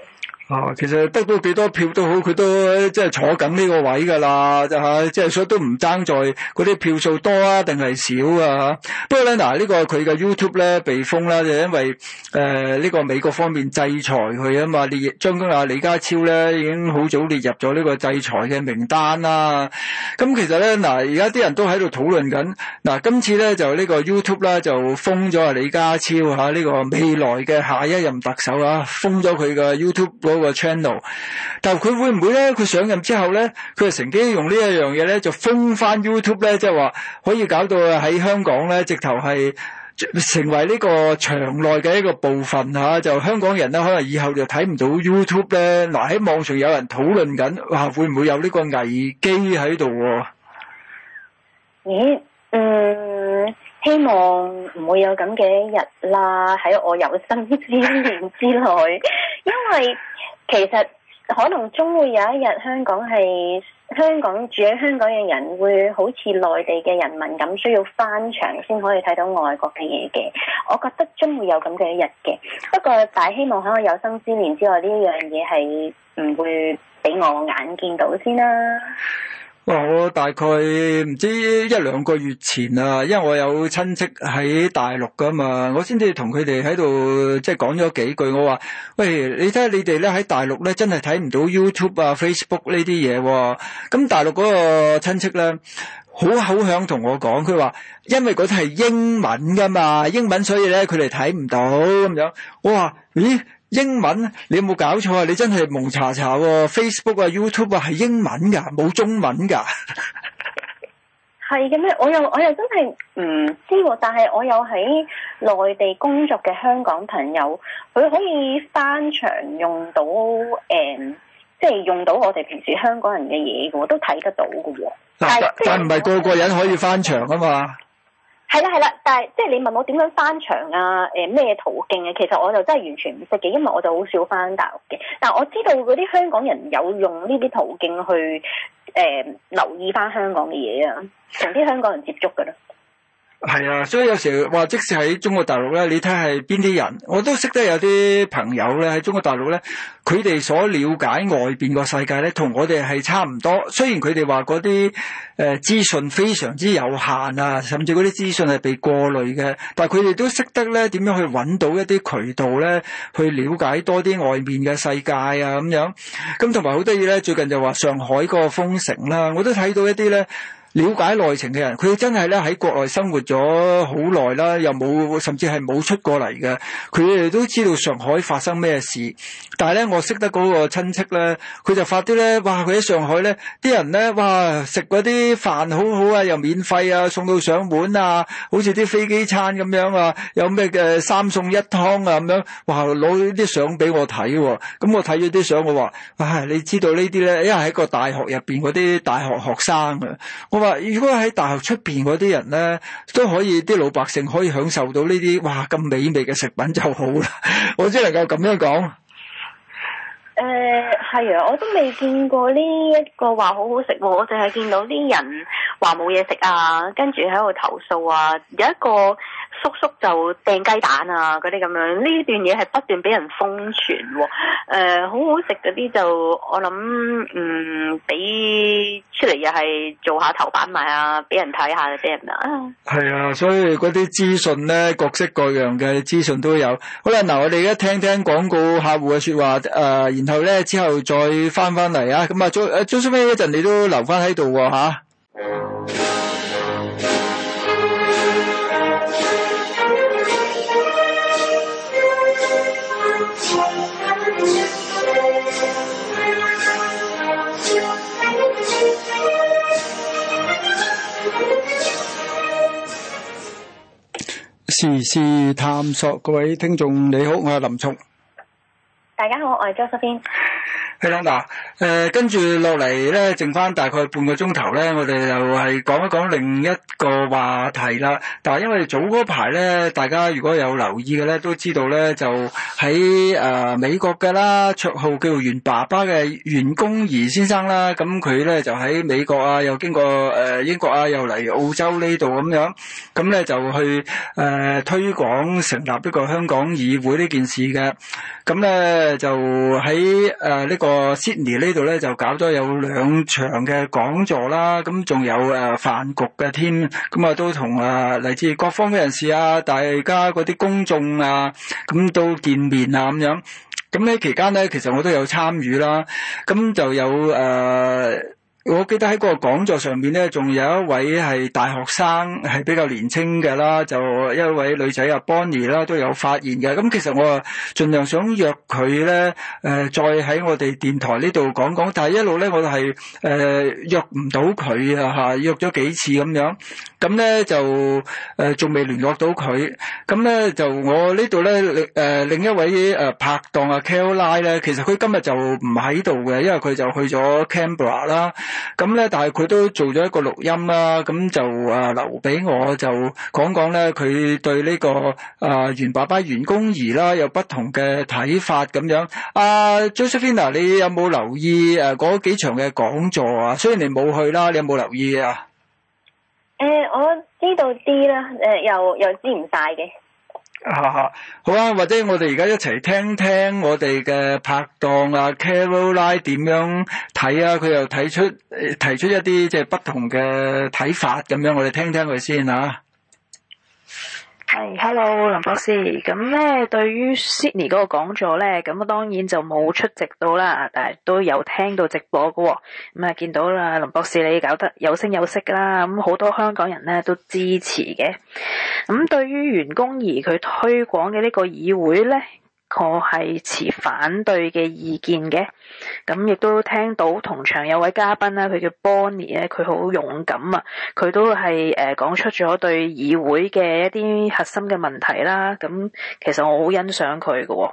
哦，其實得到幾多票都好，佢都即係坐緊呢個位噶啦，就吓即係所以都唔爭在嗰啲票數多啊定係少啊吓。不過咧嗱，這個、呢個佢嘅 YouTube 咧被封啦，就是、因為誒呢、呃這個美國方面制裁佢啊嘛。李將軍啊，李家超咧已經好早列入咗呢個制裁嘅名單啦。咁、嗯、其實咧嗱，而家啲人都喺度討論緊嗱、啊，今次咧就個呢個 YouTube 咧就封咗啊李家超吓呢、啊這個未來嘅下一任特首啊，封咗佢嘅 YouTube。個 channel，但佢會唔會咧？佢上任之後咧，佢就乘機用呢一樣嘢咧，就封翻 YouTube 咧，即係話可以搞到喺香港咧，直頭係成為呢個牆內嘅一個部分吓、啊，就香港人咧可能以後就睇唔到 YouTube 咧。嗱喺網上有人討論緊，話會唔會有呢個危機喺度？咦、欸，嗯，希望唔會有咁嘅一日啦，喺我有生之年之內， 因為。其實可能終會有一日，香港係香港住喺香港嘅人會好似內地嘅人民咁，需要翻牆先可以睇到外國嘅嘢嘅。我覺得終會有咁嘅一日嘅，不過大希望喺我有生之年之外，呢樣嘢係唔會俾我眼見到先啦。我大概唔知一兩個月前啊，因為我有親戚喺大陸噶嘛，我先至同佢哋喺度即係講咗幾句。我話：喂，你睇下你哋咧喺大陸咧，真係睇唔到 YouTube 啊、Facebook 呢啲嘢。咁、嗯、大陸嗰個親戚咧，好口響同我講，佢話因為嗰啲係英文噶嘛，英文所以咧佢哋睇唔到咁樣。我話：咦？英文，你有冇搞錯啊？你真係蒙查查喎！Facebook 啊、YouTube 啊係英文噶，冇中文噶。係嘅咩？我又我又真係唔知喎，但係我有喺內地工作嘅香港朋友，佢可以翻牆用到誒、嗯，即係用到我哋平時香港人嘅嘢我都睇得到噶。但但唔係個個人可以翻牆啊嘛。係啦係啦，但係即係你問我點樣翻牆啊？誒、呃，咩途徑啊？其實我就真係完全唔識嘅，因為我就好少翻大陸嘅。但我知道嗰啲香港人有用呢啲途徑去誒、呃、留意翻香港嘅嘢啊，同啲香港人接觸噶啦。係啊，所以有時話即使喺中國大陸咧，你睇下邊啲人，我都識得有啲朋友咧喺中國大陸咧，佢哋所了解外邊個世界咧，同我哋係差唔多。雖然佢哋話嗰啲誒資訊非常之有限啊，甚至嗰啲資訊係被過濾嘅，但係佢哋都識得咧點樣去揾到一啲渠道咧，去了解多啲外面嘅世界啊咁樣。咁同埋好得意咧，最近就話上海嗰個封城啦，我都睇到一啲咧。了解內情嘅人，佢真係咧喺國內生活咗好耐啦，又冇甚至係冇出過嚟嘅，佢哋都知道上海發生咩事。但係咧，我識得嗰個親戚咧，佢就發啲咧，哇！佢喺上海咧，啲人咧，哇，食嗰啲飯好好啊，又免費啊，送到上門啊，好似啲飛機餐咁樣啊，有咩嘅三餸一湯啊咁樣，哇！攞啲相俾我睇喎、哦，咁我睇咗啲相，我話：，唉、哎，你知道呢啲咧，因為喺個大學入邊嗰啲大學學生啊，我。話如果喺大學出邊嗰啲人咧，都可以啲老百姓可以享受到呢啲哇咁美味嘅食品就好啦。我只能夠咁樣講。誒、呃，係啊，我都未見過呢一個話好好食喎，我淨係見到啲人話冇嘢食啊，跟住喺度投訴啊，有一個，叔叔就掟雞蛋啊，嗰啲咁樣，呢段嘢係不斷俾人封存喎。呃、好好食嗰啲就我諗，嗯，俾出嚟又係做下頭版賣啊，俾人睇下俾人，係咪啊？係啊，所以嗰啲資訊咧各式各樣嘅資訊都有。好啦，嗱，我哋而家聽聽廣告客戶嘅說話，誒、呃，然後咧之後再翻翻嚟啊。咁、嗯、啊，Josephine 一陣你都留翻喺度喎嚇。啊。時事探索，各位聽眾你好，我係林松。大家好，我係周淑貞。係啦，嗱、嗯，誒跟住落嚟咧，剩翻大概半個鐘頭咧，我哋就係講一講另一個話題啦。但係因為早排咧，大家如果有留意嘅咧，都知道咧，就喺誒、呃、美國嘅啦，綽號叫袁爸爸嘅袁弓夷先生啦，咁佢咧就喺美國啊，又經過誒、呃、英國啊，又嚟澳洲這這呢度咁樣咁咧就去誒、呃、推廣成立一個香港議會呢件事嘅，咁咧就喺誒呢個。個 Sydney 呢度咧就搞咗有兩場嘅講座啦，咁仲有誒飯局嘅添，咁啊都同誒嚟自各方嘅人士啊，大家嗰啲公眾啊，咁都見面啊咁樣，咁呢期間咧其實我都有參與啦，咁就有誒。呃我記得喺嗰個講座上面咧，仲有一位係大學生，係比較年輕嘅啦，就一位女仔阿 Bonnie 啦，都有發言嘅。咁其實我啊盡量想約佢咧，誒再喺我哋電台講講呢度講講，但係一路咧我係誒、呃、約唔到佢啊吓，約咗幾次咁樣，咁咧就誒仲未聯絡到佢。咁咧就我呢度咧，誒另一位誒拍檔阿 Kellie 咧，其實佢今日就唔喺度嘅，因為佢就去咗 Canberra 啦。咁咧，但係佢都做咗一個錄音啦，咁就啊留俾我，就講講咧佢對呢個啊袁爸爸袁弓夷啦有不同嘅睇法咁樣。阿、啊、Josephina，你有冇留意誒嗰幾場嘅講座啊？雖然你冇去啦，你有冇留意啊？誒、呃，我知道啲啦，誒、呃、又又知唔晒嘅。吓吓、啊，好啊！或者我哋而家一齊聽聽我哋嘅拍檔啊，Carolina 點樣睇啊？佢又睇出提出一啲即係不同嘅睇法咁樣，我哋聽聽佢先吓、啊。係，hello 林博士，咁、嗯、咧對於悉尼嗰個講座咧，咁啊當然就冇出席到啦，但係都有聽到直播噶、哦，咁、嗯、啊見到啦，林博士你搞得有聲有色啦，咁、嗯、好多香港人咧都支持嘅，咁、嗯、對於袁弓夷佢推廣嘅呢個議會咧。我係持反對嘅意見嘅，咁亦都聽到同場有位嘉賓啦，佢叫 Bonnie 咧，佢好勇敢啊！佢都係誒講出咗對議會嘅一啲核心嘅問題啦。咁其實我好欣賞佢嘅。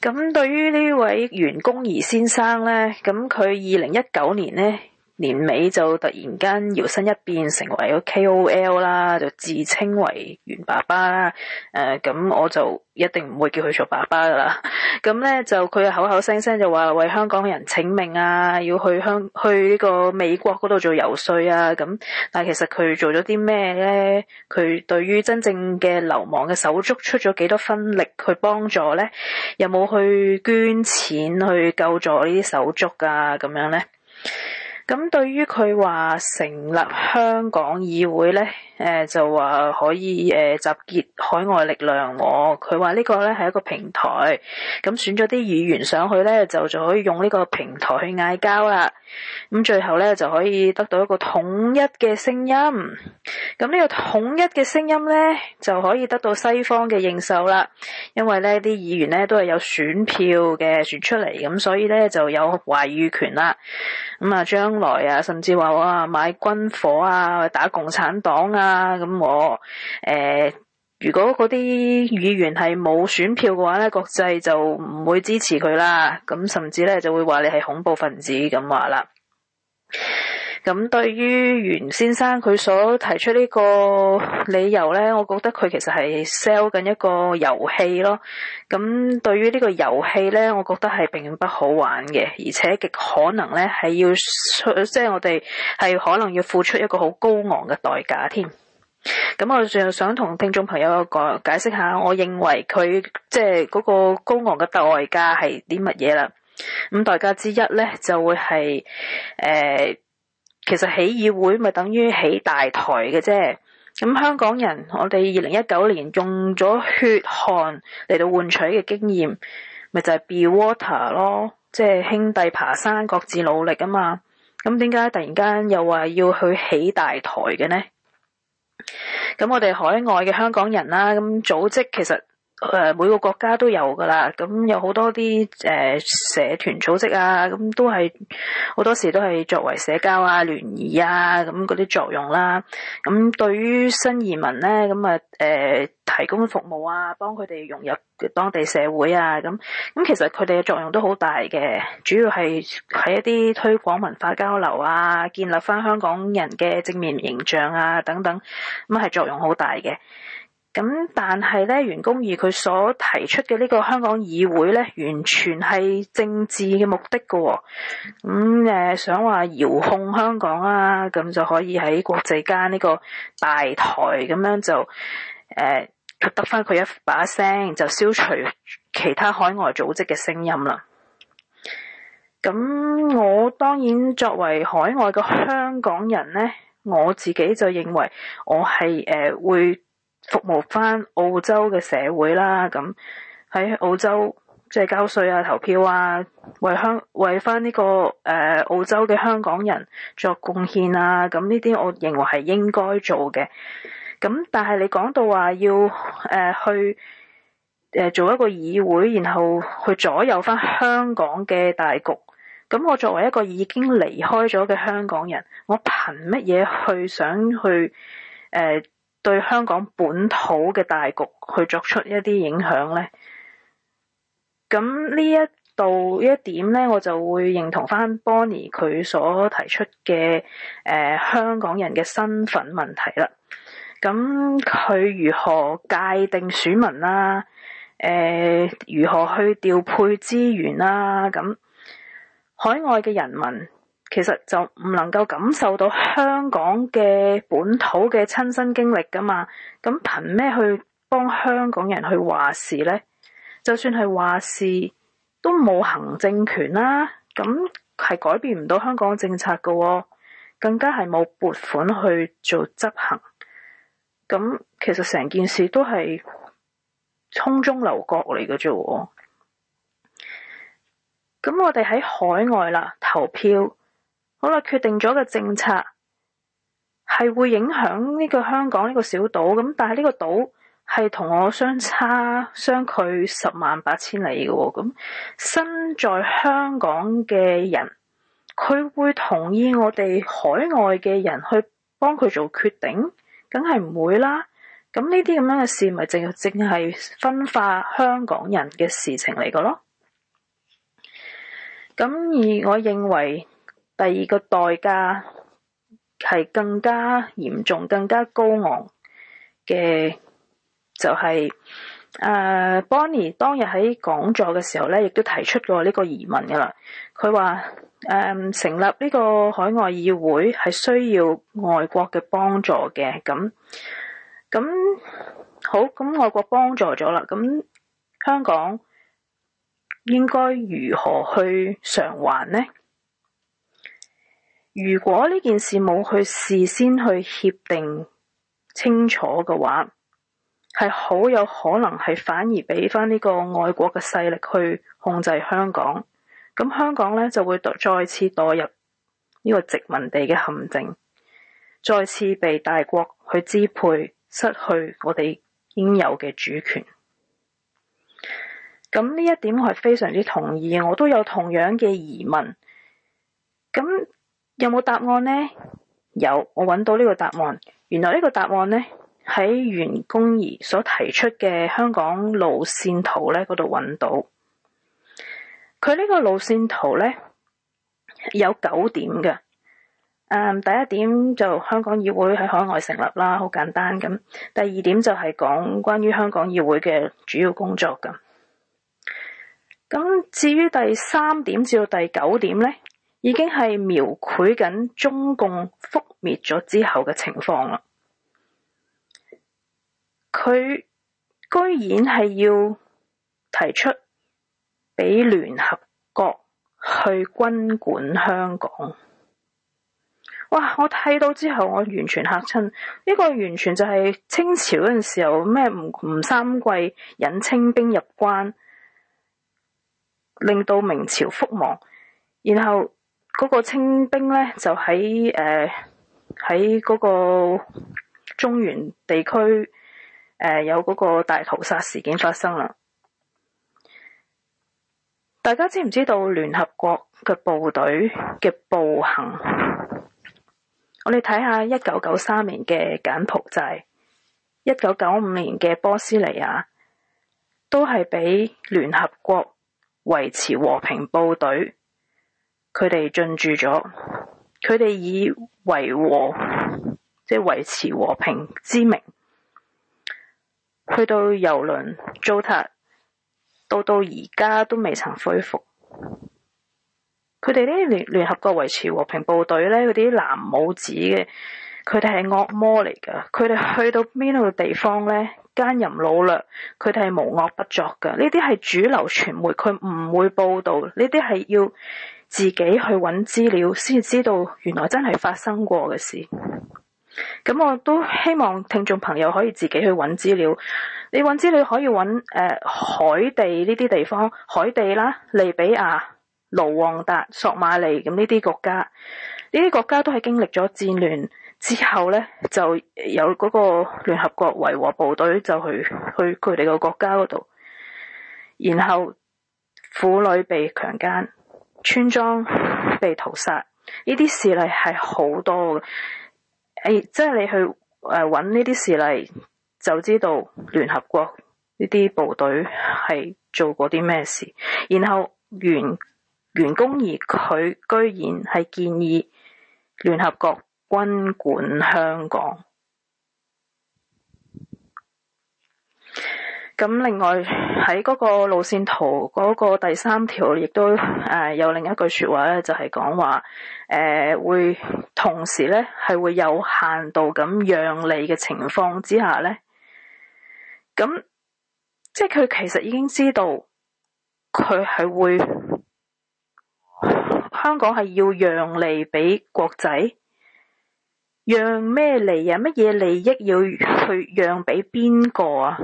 咁對於呢位袁弓夷先生咧，咁佢二零一九年咧。年尾就突然間搖身一變成為咗 K.O.L 啦，就自稱為袁爸爸啦。誒、呃，咁我就一定唔會叫佢做爸爸噶啦。咁 咧就佢口口聲聲就話為香港人請命啊，要去香去呢個美國嗰度做游説啊。咁但係其實佢做咗啲咩咧？佢對於真正嘅流亡嘅手足出咗幾多分力去幫助咧？有冇去捐錢去救助呢啲手足啊？咁樣咧？咁對於佢話成立香港議會咧？誒、呃、就話可以誒、呃、集結海外力量喎，佢話呢個咧係一個平台，咁選咗啲議員上去咧，就就可以用呢個平台去嗌交啦。咁最後咧就可以得到一個統一嘅聲音。咁呢個統一嘅聲音咧就可以得到西方嘅認受啦，因為咧啲議員咧都係有選票嘅選出嚟，咁所以咧就有話語權啦。咁啊，將來啊，甚至話哇、啊、買軍火啊，打共產黨啊！啦，咁、啊、我誒、呃，如果嗰啲議員係冇選票嘅話咧，國際就唔會支持佢啦。咁甚至咧就會話你係恐怖分子咁話啦。咁對於袁先生佢所提出呢個理由咧，我覺得佢其實係 sell 緊一個遊戲咯。咁對於呢個遊戲咧，我覺得係並不好玩嘅，而且極可能咧係要即係我哋係可能要付出一個好高昂嘅代價添。咁我就想同聽眾朋友講，解釋下，我認為佢即係嗰個高昂嘅代價係啲乜嘢啦。咁代價之一咧，就會係誒、呃，其實起議會咪等於起大台嘅啫。咁香港人，我哋二零一九年用咗血汗嚟到換取嘅經驗，咪就係、是、be water 咯，即、就、係、是、兄弟爬山各自努力啊嘛。咁點解突然間又話要去起大台嘅呢？咁我哋海外嘅香港人啦，咁組織其實。誒每個國家都有噶啦，咁有好多啲誒、呃、社團組織啊，咁都係好多時都係作為社交啊、聯誼啊咁嗰啲作用啦、啊。咁對於新移民咧，咁啊誒提供服務啊，幫佢哋融入當地社會啊，咁咁其實佢哋嘅作用都好大嘅，主要係喺一啲推廣文化交流啊、建立翻香港人嘅正面形象啊等等，咁係作用好大嘅。咁，但係咧，袁弓夷佢所提出嘅呢個香港議會咧，完全係政治嘅目的噶、哦。咁、嗯、誒、呃，想話遙控香港啊，咁就可以喺國際間呢個大台咁樣就誒、呃、得返佢一把聲，就消除其他海外組織嘅聲音啦。咁我當然作為海外嘅香港人咧，我自己就認為我係誒、呃、會。服務翻澳洲嘅社會啦，咁喺澳洲即係、就是、交稅啊、投票啊，為香為翻呢、這個誒、呃、澳洲嘅香港人作貢獻啊，咁呢啲我認為係應該做嘅。咁但係你講到話要誒、呃、去誒做一個議會，然後去左右翻香港嘅大局，咁我作為一個已經離開咗嘅香港人，我憑乜嘢去想去誒？呃對香港本土嘅大局去作出一啲影響呢。咁呢一度一點呢，我就會認同翻 Bonnie 佢所提出嘅誒、呃、香港人嘅身份問題啦。咁佢如何界定選民啦、啊？誒、呃，如何去調配資源啦、啊？咁海外嘅人民。其實就唔能夠感受到香港嘅本土嘅親身經歷噶嘛，咁憑咩去幫香港人去話事呢？就算係話事，都冇行政權啦，咁係改變唔到香港政策嘅喎、哦，更加係冇撥款去做執行。咁其實成件事都係空中樓閣嚟嘅啫。咁我哋喺海外啦，投票。好啦，決定咗嘅政策係會影響呢個香港呢個小島咁，但係呢個島係同我相差相距十萬八千里嘅喎、哦。咁、嗯、身在香港嘅人，佢會同意我哋海外嘅人去幫佢做決定？梗係唔會啦。咁呢啲咁樣嘅事，咪淨淨係分化香港人嘅事情嚟嘅咯。咁、嗯、而我認為。第二個代價係更加嚴重、更加高昂嘅，就係、是、誒、uh, Bonnie 當日喺講座嘅時候咧，亦都提出過呢個疑問噶啦。佢話誒成立呢個海外議會係需要外國嘅幫助嘅，咁咁好咁外國幫助咗啦，咁香港應該如何去償還呢？如果呢件事冇去事先去協定清楚嘅話，係好有可能係反而俾翻呢個外國嘅勢力去控制香港，咁香港咧就會再再次墮入呢個殖民地嘅陷阱，再次被大國去支配，失去我哋應有嘅主權。咁呢一點我係非常之同意，我都有同樣嘅疑問。有冇答案呢？有，我揾到呢個答案。原來呢個答案呢，喺袁弓夷所提出嘅香港路線圖呢嗰度揾到。佢呢個路線圖呢，有九點嘅，第一點就香港議會喺海外成立啦，好簡單咁。第二點就係講關於香港議會嘅主要工作噶。咁至於第三點至到第九點呢？已經係描繪緊中共覆滅咗之後嘅情況啦，佢居然係要提出畀聯合國去軍管香港，哇！我睇到之後，我完全嚇親，呢個完全就係清朝嗰陣時候咩吳吳三桂引清兵入關，令到明朝覆亡，然後。嗰個清兵咧，就喺誒喺嗰個中原地區誒、呃、有嗰個大屠殺事件發生啦。大家知唔知道聯合國嘅部隊嘅暴行？我哋睇下一九九三年嘅柬埔寨，一九九五年嘅波斯尼亞，都係畀聯合國維持和平部隊。佢哋進駐咗，佢哋以維和，即係維持和平之名，去到遊輪糟蹋，ota, 到到而家都未曾恢復。佢哋咧聯聯合國維持和平部隊咧，嗰啲藍帽子嘅，佢哋係惡魔嚟噶。佢哋去到邊度嘅地方咧，奸淫擄掠，佢哋係無惡不作噶。呢啲係主流傳媒，佢唔會報道呢啲係要自己去揾資料，先至知道原來真係發生過嘅事。咁我都希望聽眾朋友可以自己去揾資料。你揾資料可以揾、呃、海地呢啲地方，海地啦、利比亞、盧旺達、索馬利咁呢啲國家，呢啲國家都係經歷咗戰亂之後呢，就有嗰個聯合國維和部隊就去去佢哋個國家嗰度，然後婦女被強奸。村莊被屠殺，呢啲事例係好多嘅。誒、哎，即係你去誒揾呢啲事例，就知道聯合國呢啲部隊係做過啲咩事。然後袁袁弓夷佢居然係建議聯合國軍管香港。咁另外喺嗰個路線圖嗰個第三條亦都誒，有另一句說話咧，就係講話，誒，會同時咧係會有限度咁讓利嘅情況之下咧，咁即係佢其實已經知道佢係會香港係要讓利俾國仔，讓咩利啊？乜嘢利益要去讓俾邊個啊？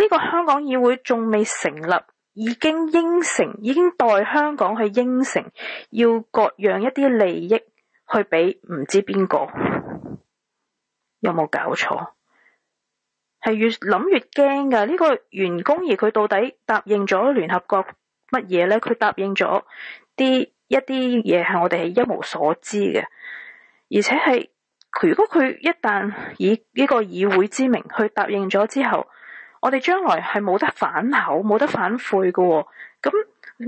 呢個香港議會仲未成立，已經應承，已經代香港去應承，要割讓一啲利益去俾唔知邊個，有冇搞錯？係越諗越驚㗎。呢、這個袁弓夷而佢到底答應咗聯合國乜嘢呢？佢答應咗啲一啲嘢係我哋係一無所知嘅，而且係如果佢一旦以呢個議會之名去答應咗之後。我哋將來係冇得反口，冇得反悔嘅哦，咁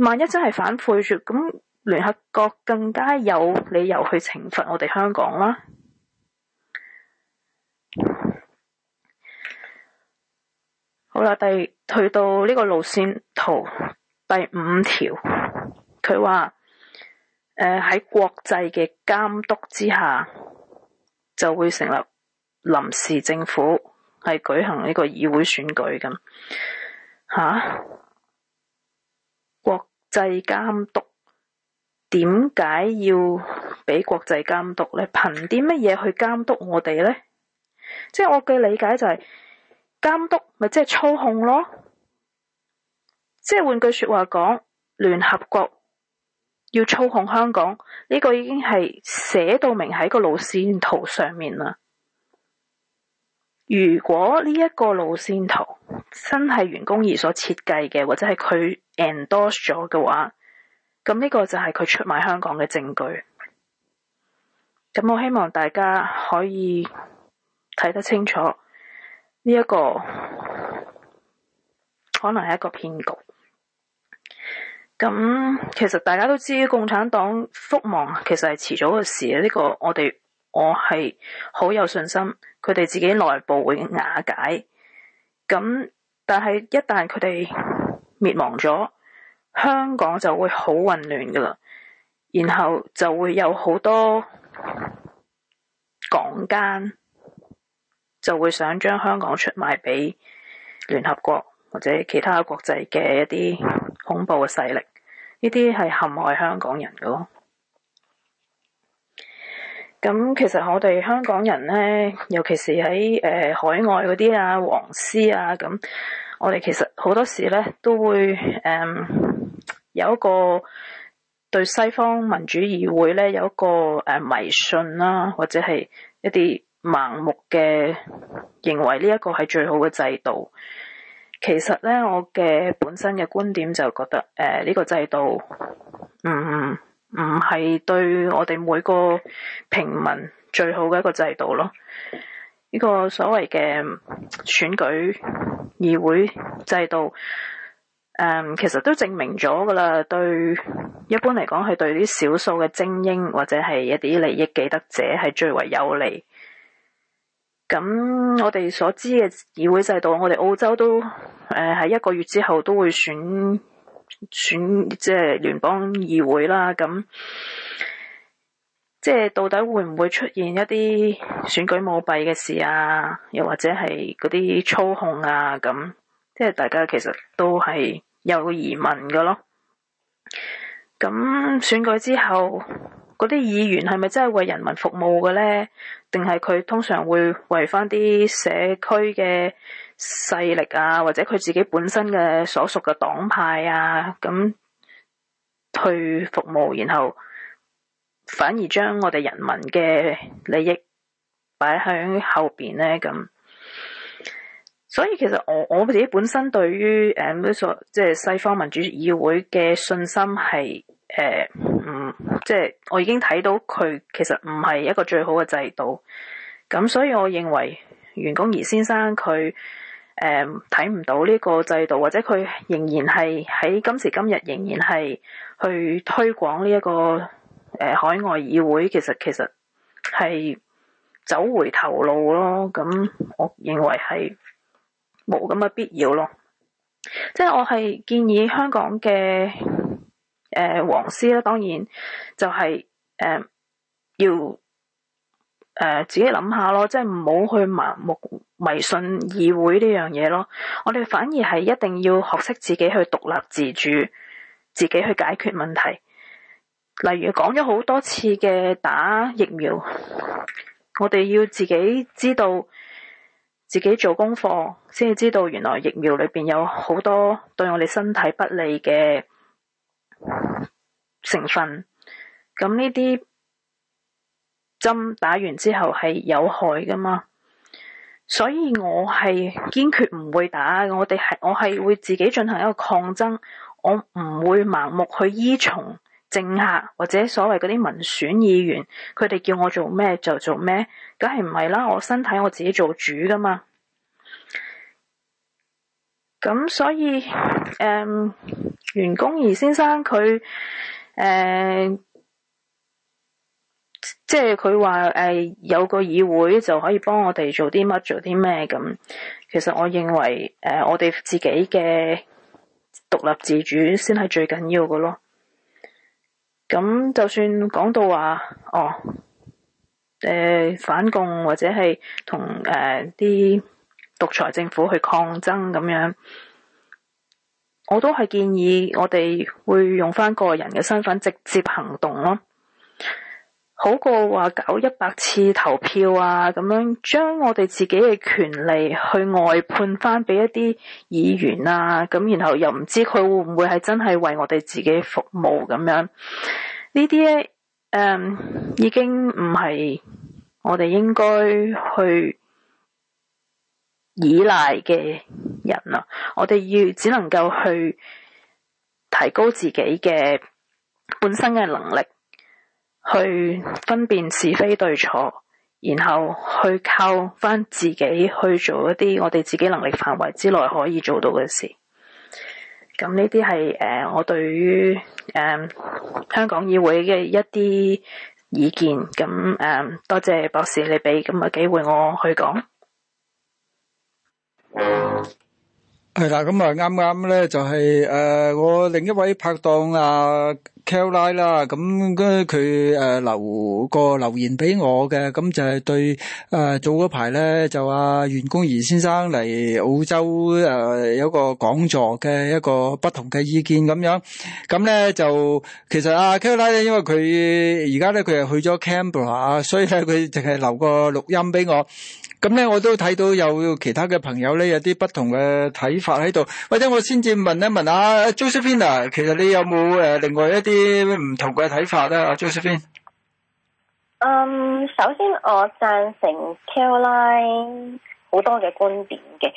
萬一真係反悔住，咁聯合國更加有理由去懲罰我哋香港啦。好啦，第，去到呢個路線圖第五條，佢話誒喺國際嘅監督之下，就會成立臨時政府。係舉行呢個議會選舉咁吓、啊，國際監督，點解要畀國際監督咧？憑啲乜嘢去監督我哋咧？即係我嘅理解就係、是、監督咪即係操控咯？即係換句話說話講，聯合國要操控香港呢、這個已經係寫到明喺個路綫圖上面啦。如果呢一個路線圖真係袁弓夷所設計嘅，或者係佢 endorse 咗嘅話，咁呢個就係佢出賣香港嘅證據。咁我希望大家可以睇得清楚，呢一個可能係一個騙局。咁其實大家都知，共產黨覆亡其實係遲早嘅事啊！呢個我哋我係好有信心。佢哋自己內部會瓦解，咁但係一旦佢哋滅亡咗，香港就會好混亂㗎喇，然後就會有好多港奸就會想將香港出賣俾聯合國或者其他國際嘅一啲恐怖嘅勢力，呢啲係陷害香港人㗎咯。咁其實我哋香港人呢，尤其是喺誒、呃、海外嗰啲啊、黃絲啊咁，我哋其實好多時呢都會誒、嗯、有一個對西方民主議會呢，有一個誒、呃、迷信啦、啊，或者係一啲盲目嘅認為呢一個係最好嘅制度。其實呢，我嘅本身嘅觀點就覺得誒呢、呃呢個制度，嗯。嗯唔係對我哋每個平民最好嘅一個制度咯。呢、這個所謂嘅選舉議會制度，誒、嗯，其實都證明咗噶啦，對一般嚟講係對啲少數嘅精英或者係一啲利益既得者係最為有利。咁我哋所知嘅議會制度，我哋澳洲都誒喺、呃、一個月之後都會選。選即係聯邦議會啦，咁即係到底會唔會出現一啲選舉舞弊嘅事啊？又或者係嗰啲操控啊？咁即係大家其實都係有疑問嘅咯。咁選舉之後，嗰啲議員係咪真係為人民服務嘅呢？定係佢通常會為翻啲社區嘅？勢力啊，或者佢自己本身嘅所屬嘅黨派啊，咁去服務，然後反而將我哋人民嘅利益擺喺後邊咧。咁所以其實我我自己本身對於誒、嗯，即係西方民主議會嘅信心係誒、呃、嗯，即係我已經睇到佢其實唔係一個最好嘅制度。咁所以我認為袁弓夷先生佢，誒，睇唔、嗯、到呢個制度，或者佢仍然係喺今時今日仍然係去推廣呢一個誒、呃、海外議會，其實其實係走回頭路咯。咁我認為係冇咁嘅必要咯。即係我係建議香港嘅誒、呃、黃絲啦、啊，當然就係、是、誒、呃、要。誒、呃，自己諗下咯，即係唔好去盲目迷信議會呢樣嘢咯。我哋反而係一定要學識自己去獨立自主，自己去解決問題。例如講咗好多次嘅打疫苗，我哋要自己知道自己做功課，先至知道原來疫苗裏邊有好多對我哋身體不利嘅成分。咁呢啲。針打完之後係有害噶嘛，所以我係堅決唔會打。我哋係我係會自己進行一個抗爭，我唔會盲目去依從政客或者所謂嗰啲民選議員，佢哋叫我做咩就做咩，梗係唔係啦。我身體我自己做主噶嘛。咁所以，誒、呃、袁弓夷先生佢誒。即係佢話誒，有個議會就可以幫我哋做啲乜做啲咩咁。其實我認為誒、呃，我哋自己嘅獨立自主先係最緊要嘅咯。咁、嗯、就算講到話哦誒、呃、反共或者係同誒啲獨裁政府去抗爭咁樣，我都係建議我哋會用翻個人嘅身份直接行動咯。好過話搞一百次投票啊，咁樣將我哋自己嘅權利去外判翻畀一啲議員啊，咁然後又唔知佢會唔會係真係為我哋自己服務咁樣？呢啲咧，誒、嗯，已經唔係我哋應該去依賴嘅人啦。我哋要只能夠去提高自己嘅本身嘅能力。去分辨是非對錯，然後去靠返自己去做一啲我哋自己能力範圍之內可以做到嘅事。咁呢啲係誒我對於誒、嗯、香港議會嘅一啲意見。咁、嗯、誒多謝博士你俾咁嘅機會我去講。係啦，咁啊，啱啱咧就係誒，我另一位拍檔阿 Kel 拉啦，咁跟佢誒留個留言俾我嘅，咁就係對誒早嗰排咧就阿袁弓夷先生嚟澳洲誒有個講座嘅一個不同嘅意見咁樣，咁咧就其實阿 Kel 拉咧，因為佢而家咧，佢係去咗 Cambridge 啊，所以咧佢淨係留個錄音俾我。咁咧、嗯，我都睇到有其他嘅朋友咧，有啲不同嘅睇法喺度，或者我先至問一問阿、啊、Josephine 啊，其實你有冇誒另外一啲唔同嘅睇法咧？阿 Josephine，嗯，um, 首先我贊成 Caroline 好多嘅觀點嘅，誒、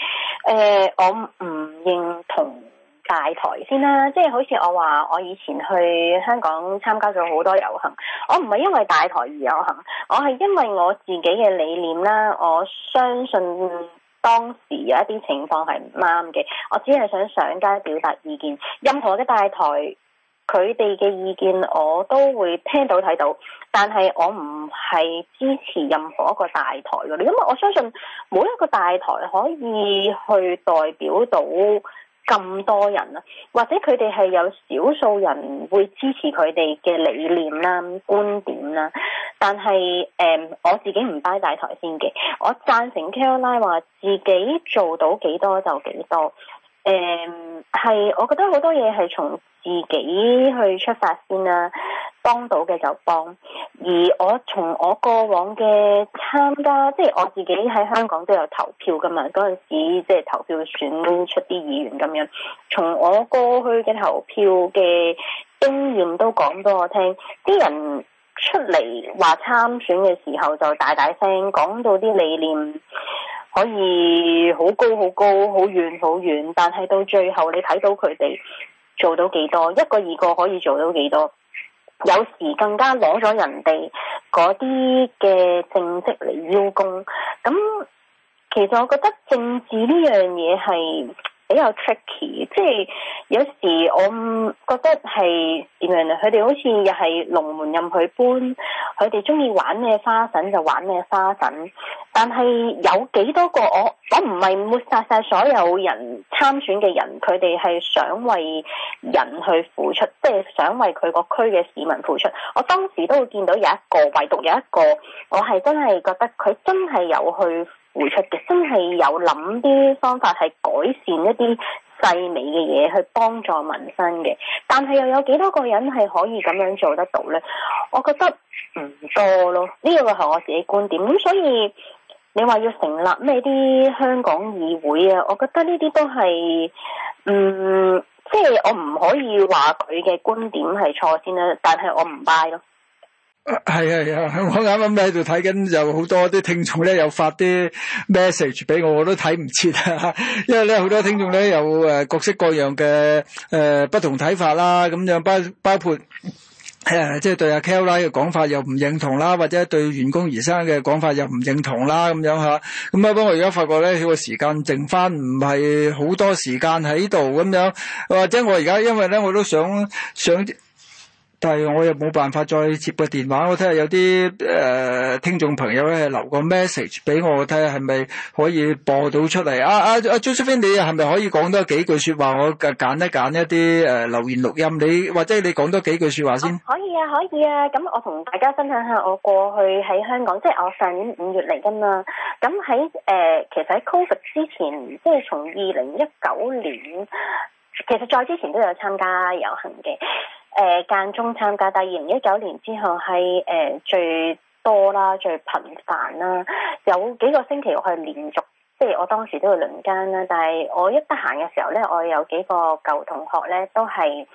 呃，我唔認同。大台先啦，即係好似我話，我以前去香港參加咗好多遊行，我唔係因為大台而遊行，我係因為我自己嘅理念啦。我相信當時有一啲情況係唔啱嘅，我只係想上街表達意見，任何嘅大台，佢哋嘅意見我都會聽到睇到，但係我唔係支持任何一個大台嘅，因為我相信每一個大台可以去代表到咁多人啦，或者佢哋係有少數人會支持佢哋嘅理念啦、觀點啦，但係誒、嗯，我自己唔擺大台先嘅，我贊成 KOL 啦話，自己做到幾多就幾多。誒，係，我覺得好多嘢係從自己去出發先啦，幫到嘅就幫。而我從我過往嘅參加，即係我自己喺香港都有投票噶嘛，嗰陣時即係投票選出啲議員咁樣。從我過去嘅投票嘅經驗都講俾我聽，啲人出嚟話參選嘅時候就大大聲講到啲理念，可以好高好高好遠好遠，但係到最後你睇到佢哋做到幾多？一個二個可以做到幾多？有時更加攞咗人哋嗰啲嘅政績嚟邀功。咁其實我覺得政治呢樣嘢係比較 tricky，即係有時我覺得係點樣佢哋好似又係龍門任佢搬，佢哋中意玩咩花臣就玩咩花臣。但係有幾多個，我我唔係抹殺晒所有人參選嘅人，佢哋係想為人去付出，即係想為佢個區嘅市民付出。我當時都會見到有一個，唯獨有一個，我係真係覺得佢真係有去付出嘅，真係有諗啲方法係改善一啲細微嘅嘢，去幫助民生嘅。但係又有幾多個人係可以咁樣做得到呢？我覺得唔多咯。呢個係我自己觀點，咁所以。你話要成立咩啲香港議會啊？我覺得呢啲都係，嗯，即係我唔可以話佢嘅觀點係錯先啦，但係我唔 buy 咯。係啊係啊，我啱啱喺度睇緊，有好多啲聽眾咧有發啲 message 俾我，我都睇唔切啊！因為咧好多聽眾咧有誒各式各樣嘅誒不同睇法啦，咁樣包包括。誒，即係、嗯就是、對阿 Kel 嘅講法又唔認同啦，或者對員工而生嘅講法又唔認同啦，咁樣嚇。咁不過我而家發覺咧，佢個時間剩翻唔係好多時間喺度咁樣，或者我而家因為咧，我都想想。但係我又冇辦法再接個電話，我睇下有啲誒聽眾朋友咧留個 message 俾我，睇下係咪可以播到出嚟。阿、啊、阿阿、啊啊、Josephine，你係咪可以講多幾句説話？我嘅揀一揀一啲誒留言錄音，你或者你講多幾句説話先、啊。可以啊，可以啊。咁我同大家分享下我過去喺香港，即係我上年五月嚟㗎嘛。咁喺誒，其實喺 COVID 之前，即係從二零一九年，其實再之前都有參加遊行嘅。誒、呃、間中參加，但係二零一九年之後係誒、呃、最多啦、最頻繁啦，有幾個星期我係連續，即、就、係、是、我當時都會輪更啦。但係我一得閒嘅時候咧，我有幾個舊同學咧都係。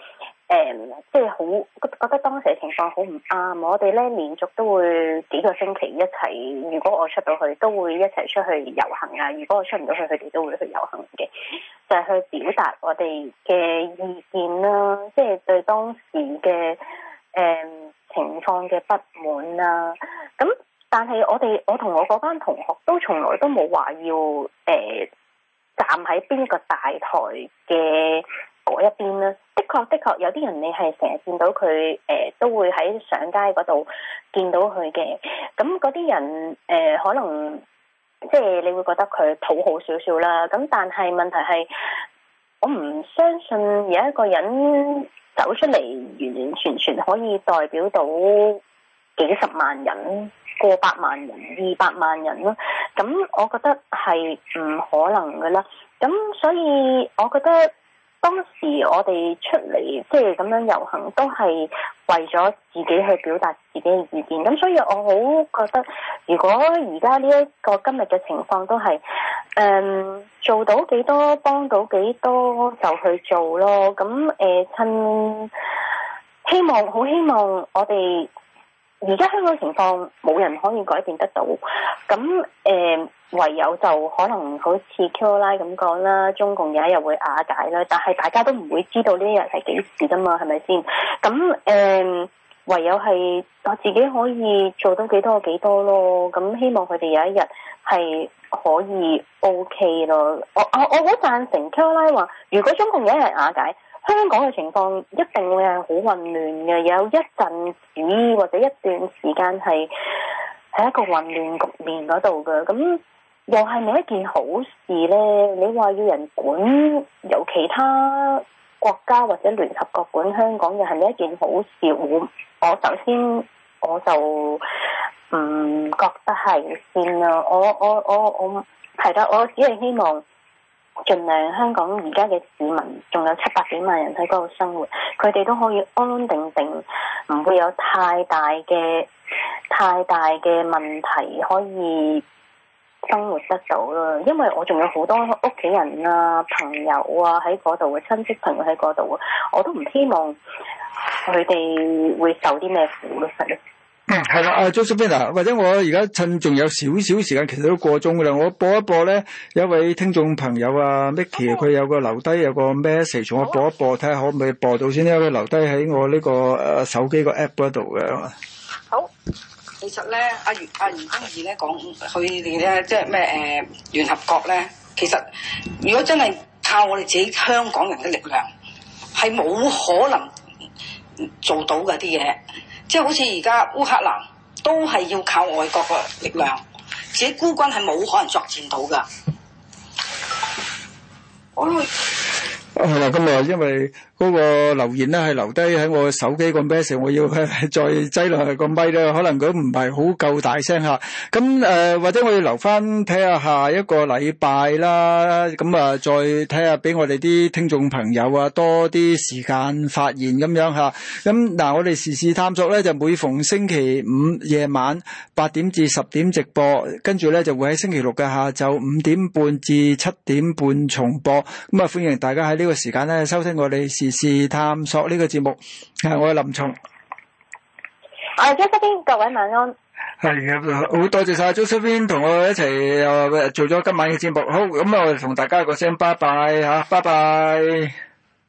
誒，即係好覺得當時嘅情況好唔啱，我哋咧連續都會幾個星期一齊。如果我出到去，都會一齊出去遊行啊。如果我出唔到去，佢哋都會去遊行嘅，就係、是、去表達我哋嘅意見啦，即、就、係、是、對當時嘅誒、um, 情況嘅不滿啦。咁但係我哋，我同我嗰班同學都從來都冇話要誒、呃、站喺邊個大台嘅。嗰一邊咧，的確的確有啲人，、呃、人，你係成日見到佢，誒都會喺上街嗰度見到佢嘅。咁嗰啲人，誒可能即係你會覺得佢討好少少啦。咁但係問題係，我唔相信有一個人走出嚟，完完全全可以代表到幾十萬人、過百萬人、二百萬人咯。咁我覺得係唔可能噶啦。咁所以，我覺得。當時我哋出嚟即係咁樣遊行，都係為咗自己去表達自己嘅意見。咁所以，我好覺得，如果而家呢一個今日嘅情況都係，誒、嗯、做到幾多，幫到幾多就去做咯。咁誒、呃，趁希望，好希望我哋而家香港情況冇人可以改變得到。咁誒。呃唯有就可能好似 Kolai 咁講啦，中共有一日會瓦解啦，但係大家都唔會知道呢一日係幾時㗎嘛，係咪先？咁誒、呃，唯有係我自己可以做到幾多幾多少咯。咁希望佢哋有一日係可以 OK 咯。我我我好贊成 Kolai 話，如果中共有一日瓦解，香港嘅情況一定會係好混亂嘅，有一陣子或者一段時間係喺一個混亂局面嗰度嘅。咁又係唔係一件好事呢？你話要人管，由其他國家或者聯合國管香港，又係唔係一件好事？我我首先我就唔覺得係先啦。我我我我係啦，我只係希望盡量香港而家嘅市民仲有七百幾萬人喺嗰度生活，佢哋都可以安安定定，唔會有太大嘅太大嘅問題可以。生活得到啦，因為我仲有好多屋企人啊、朋友啊喺嗰度嘅親戚朋友喺嗰度啊，我都唔希望佢哋會受啲咩苦咯、啊。係咯，係 啦，阿、 uh, Josephina，或者我而家趁仲有少少時間，其實都過鐘㗎啦，我播一播咧，有一、mm. 位聽眾朋友啊，Mickey，佢有個留低有個 message，我播一播睇下可唔可以播到先咧，佢留低喺我呢個誒手機個 app 度嘅、嗯。 好。其實咧，阿、啊、袁阿、啊、袁弓夷咧講，佢哋咧即係咩誒？聯、就是呃、合國咧，其實如果真係靠我哋自己香港人嘅力量，係冇可能做到嘅啲嘢。即係好似而家烏克蘭都係要靠外國嘅力量，自己孤軍係冇可能作戰到㗎。我係啦，今日、啊、因為。嗰個留言咧係留低喺我手機個 message，我要再擠落去個咪咧，可能佢唔係好夠大聲嚇。咁誒、呃，或者我要留翻睇下下一個禮拜啦，咁啊再睇下俾我哋啲聽眾朋友啊多啲時間發言咁樣嚇。咁嗱，我哋時事探索咧就每逢星期五夜晚八點至十點直播，跟住咧就會喺星期六嘅下晝五點半至七點半重播。咁啊，歡迎大家喺呢個時間咧收聽我哋事探索呢個節目，係我係林松。我哋 Josephine 各位晚安。係嘅，好多謝晒，Josephine 同我一齊做咗今晚嘅節目。好，咁我哋同大家一個聲，拜拜吓，拜拜，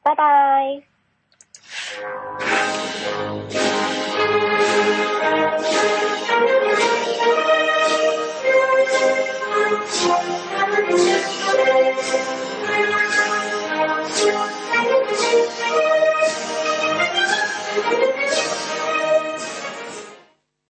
拜拜。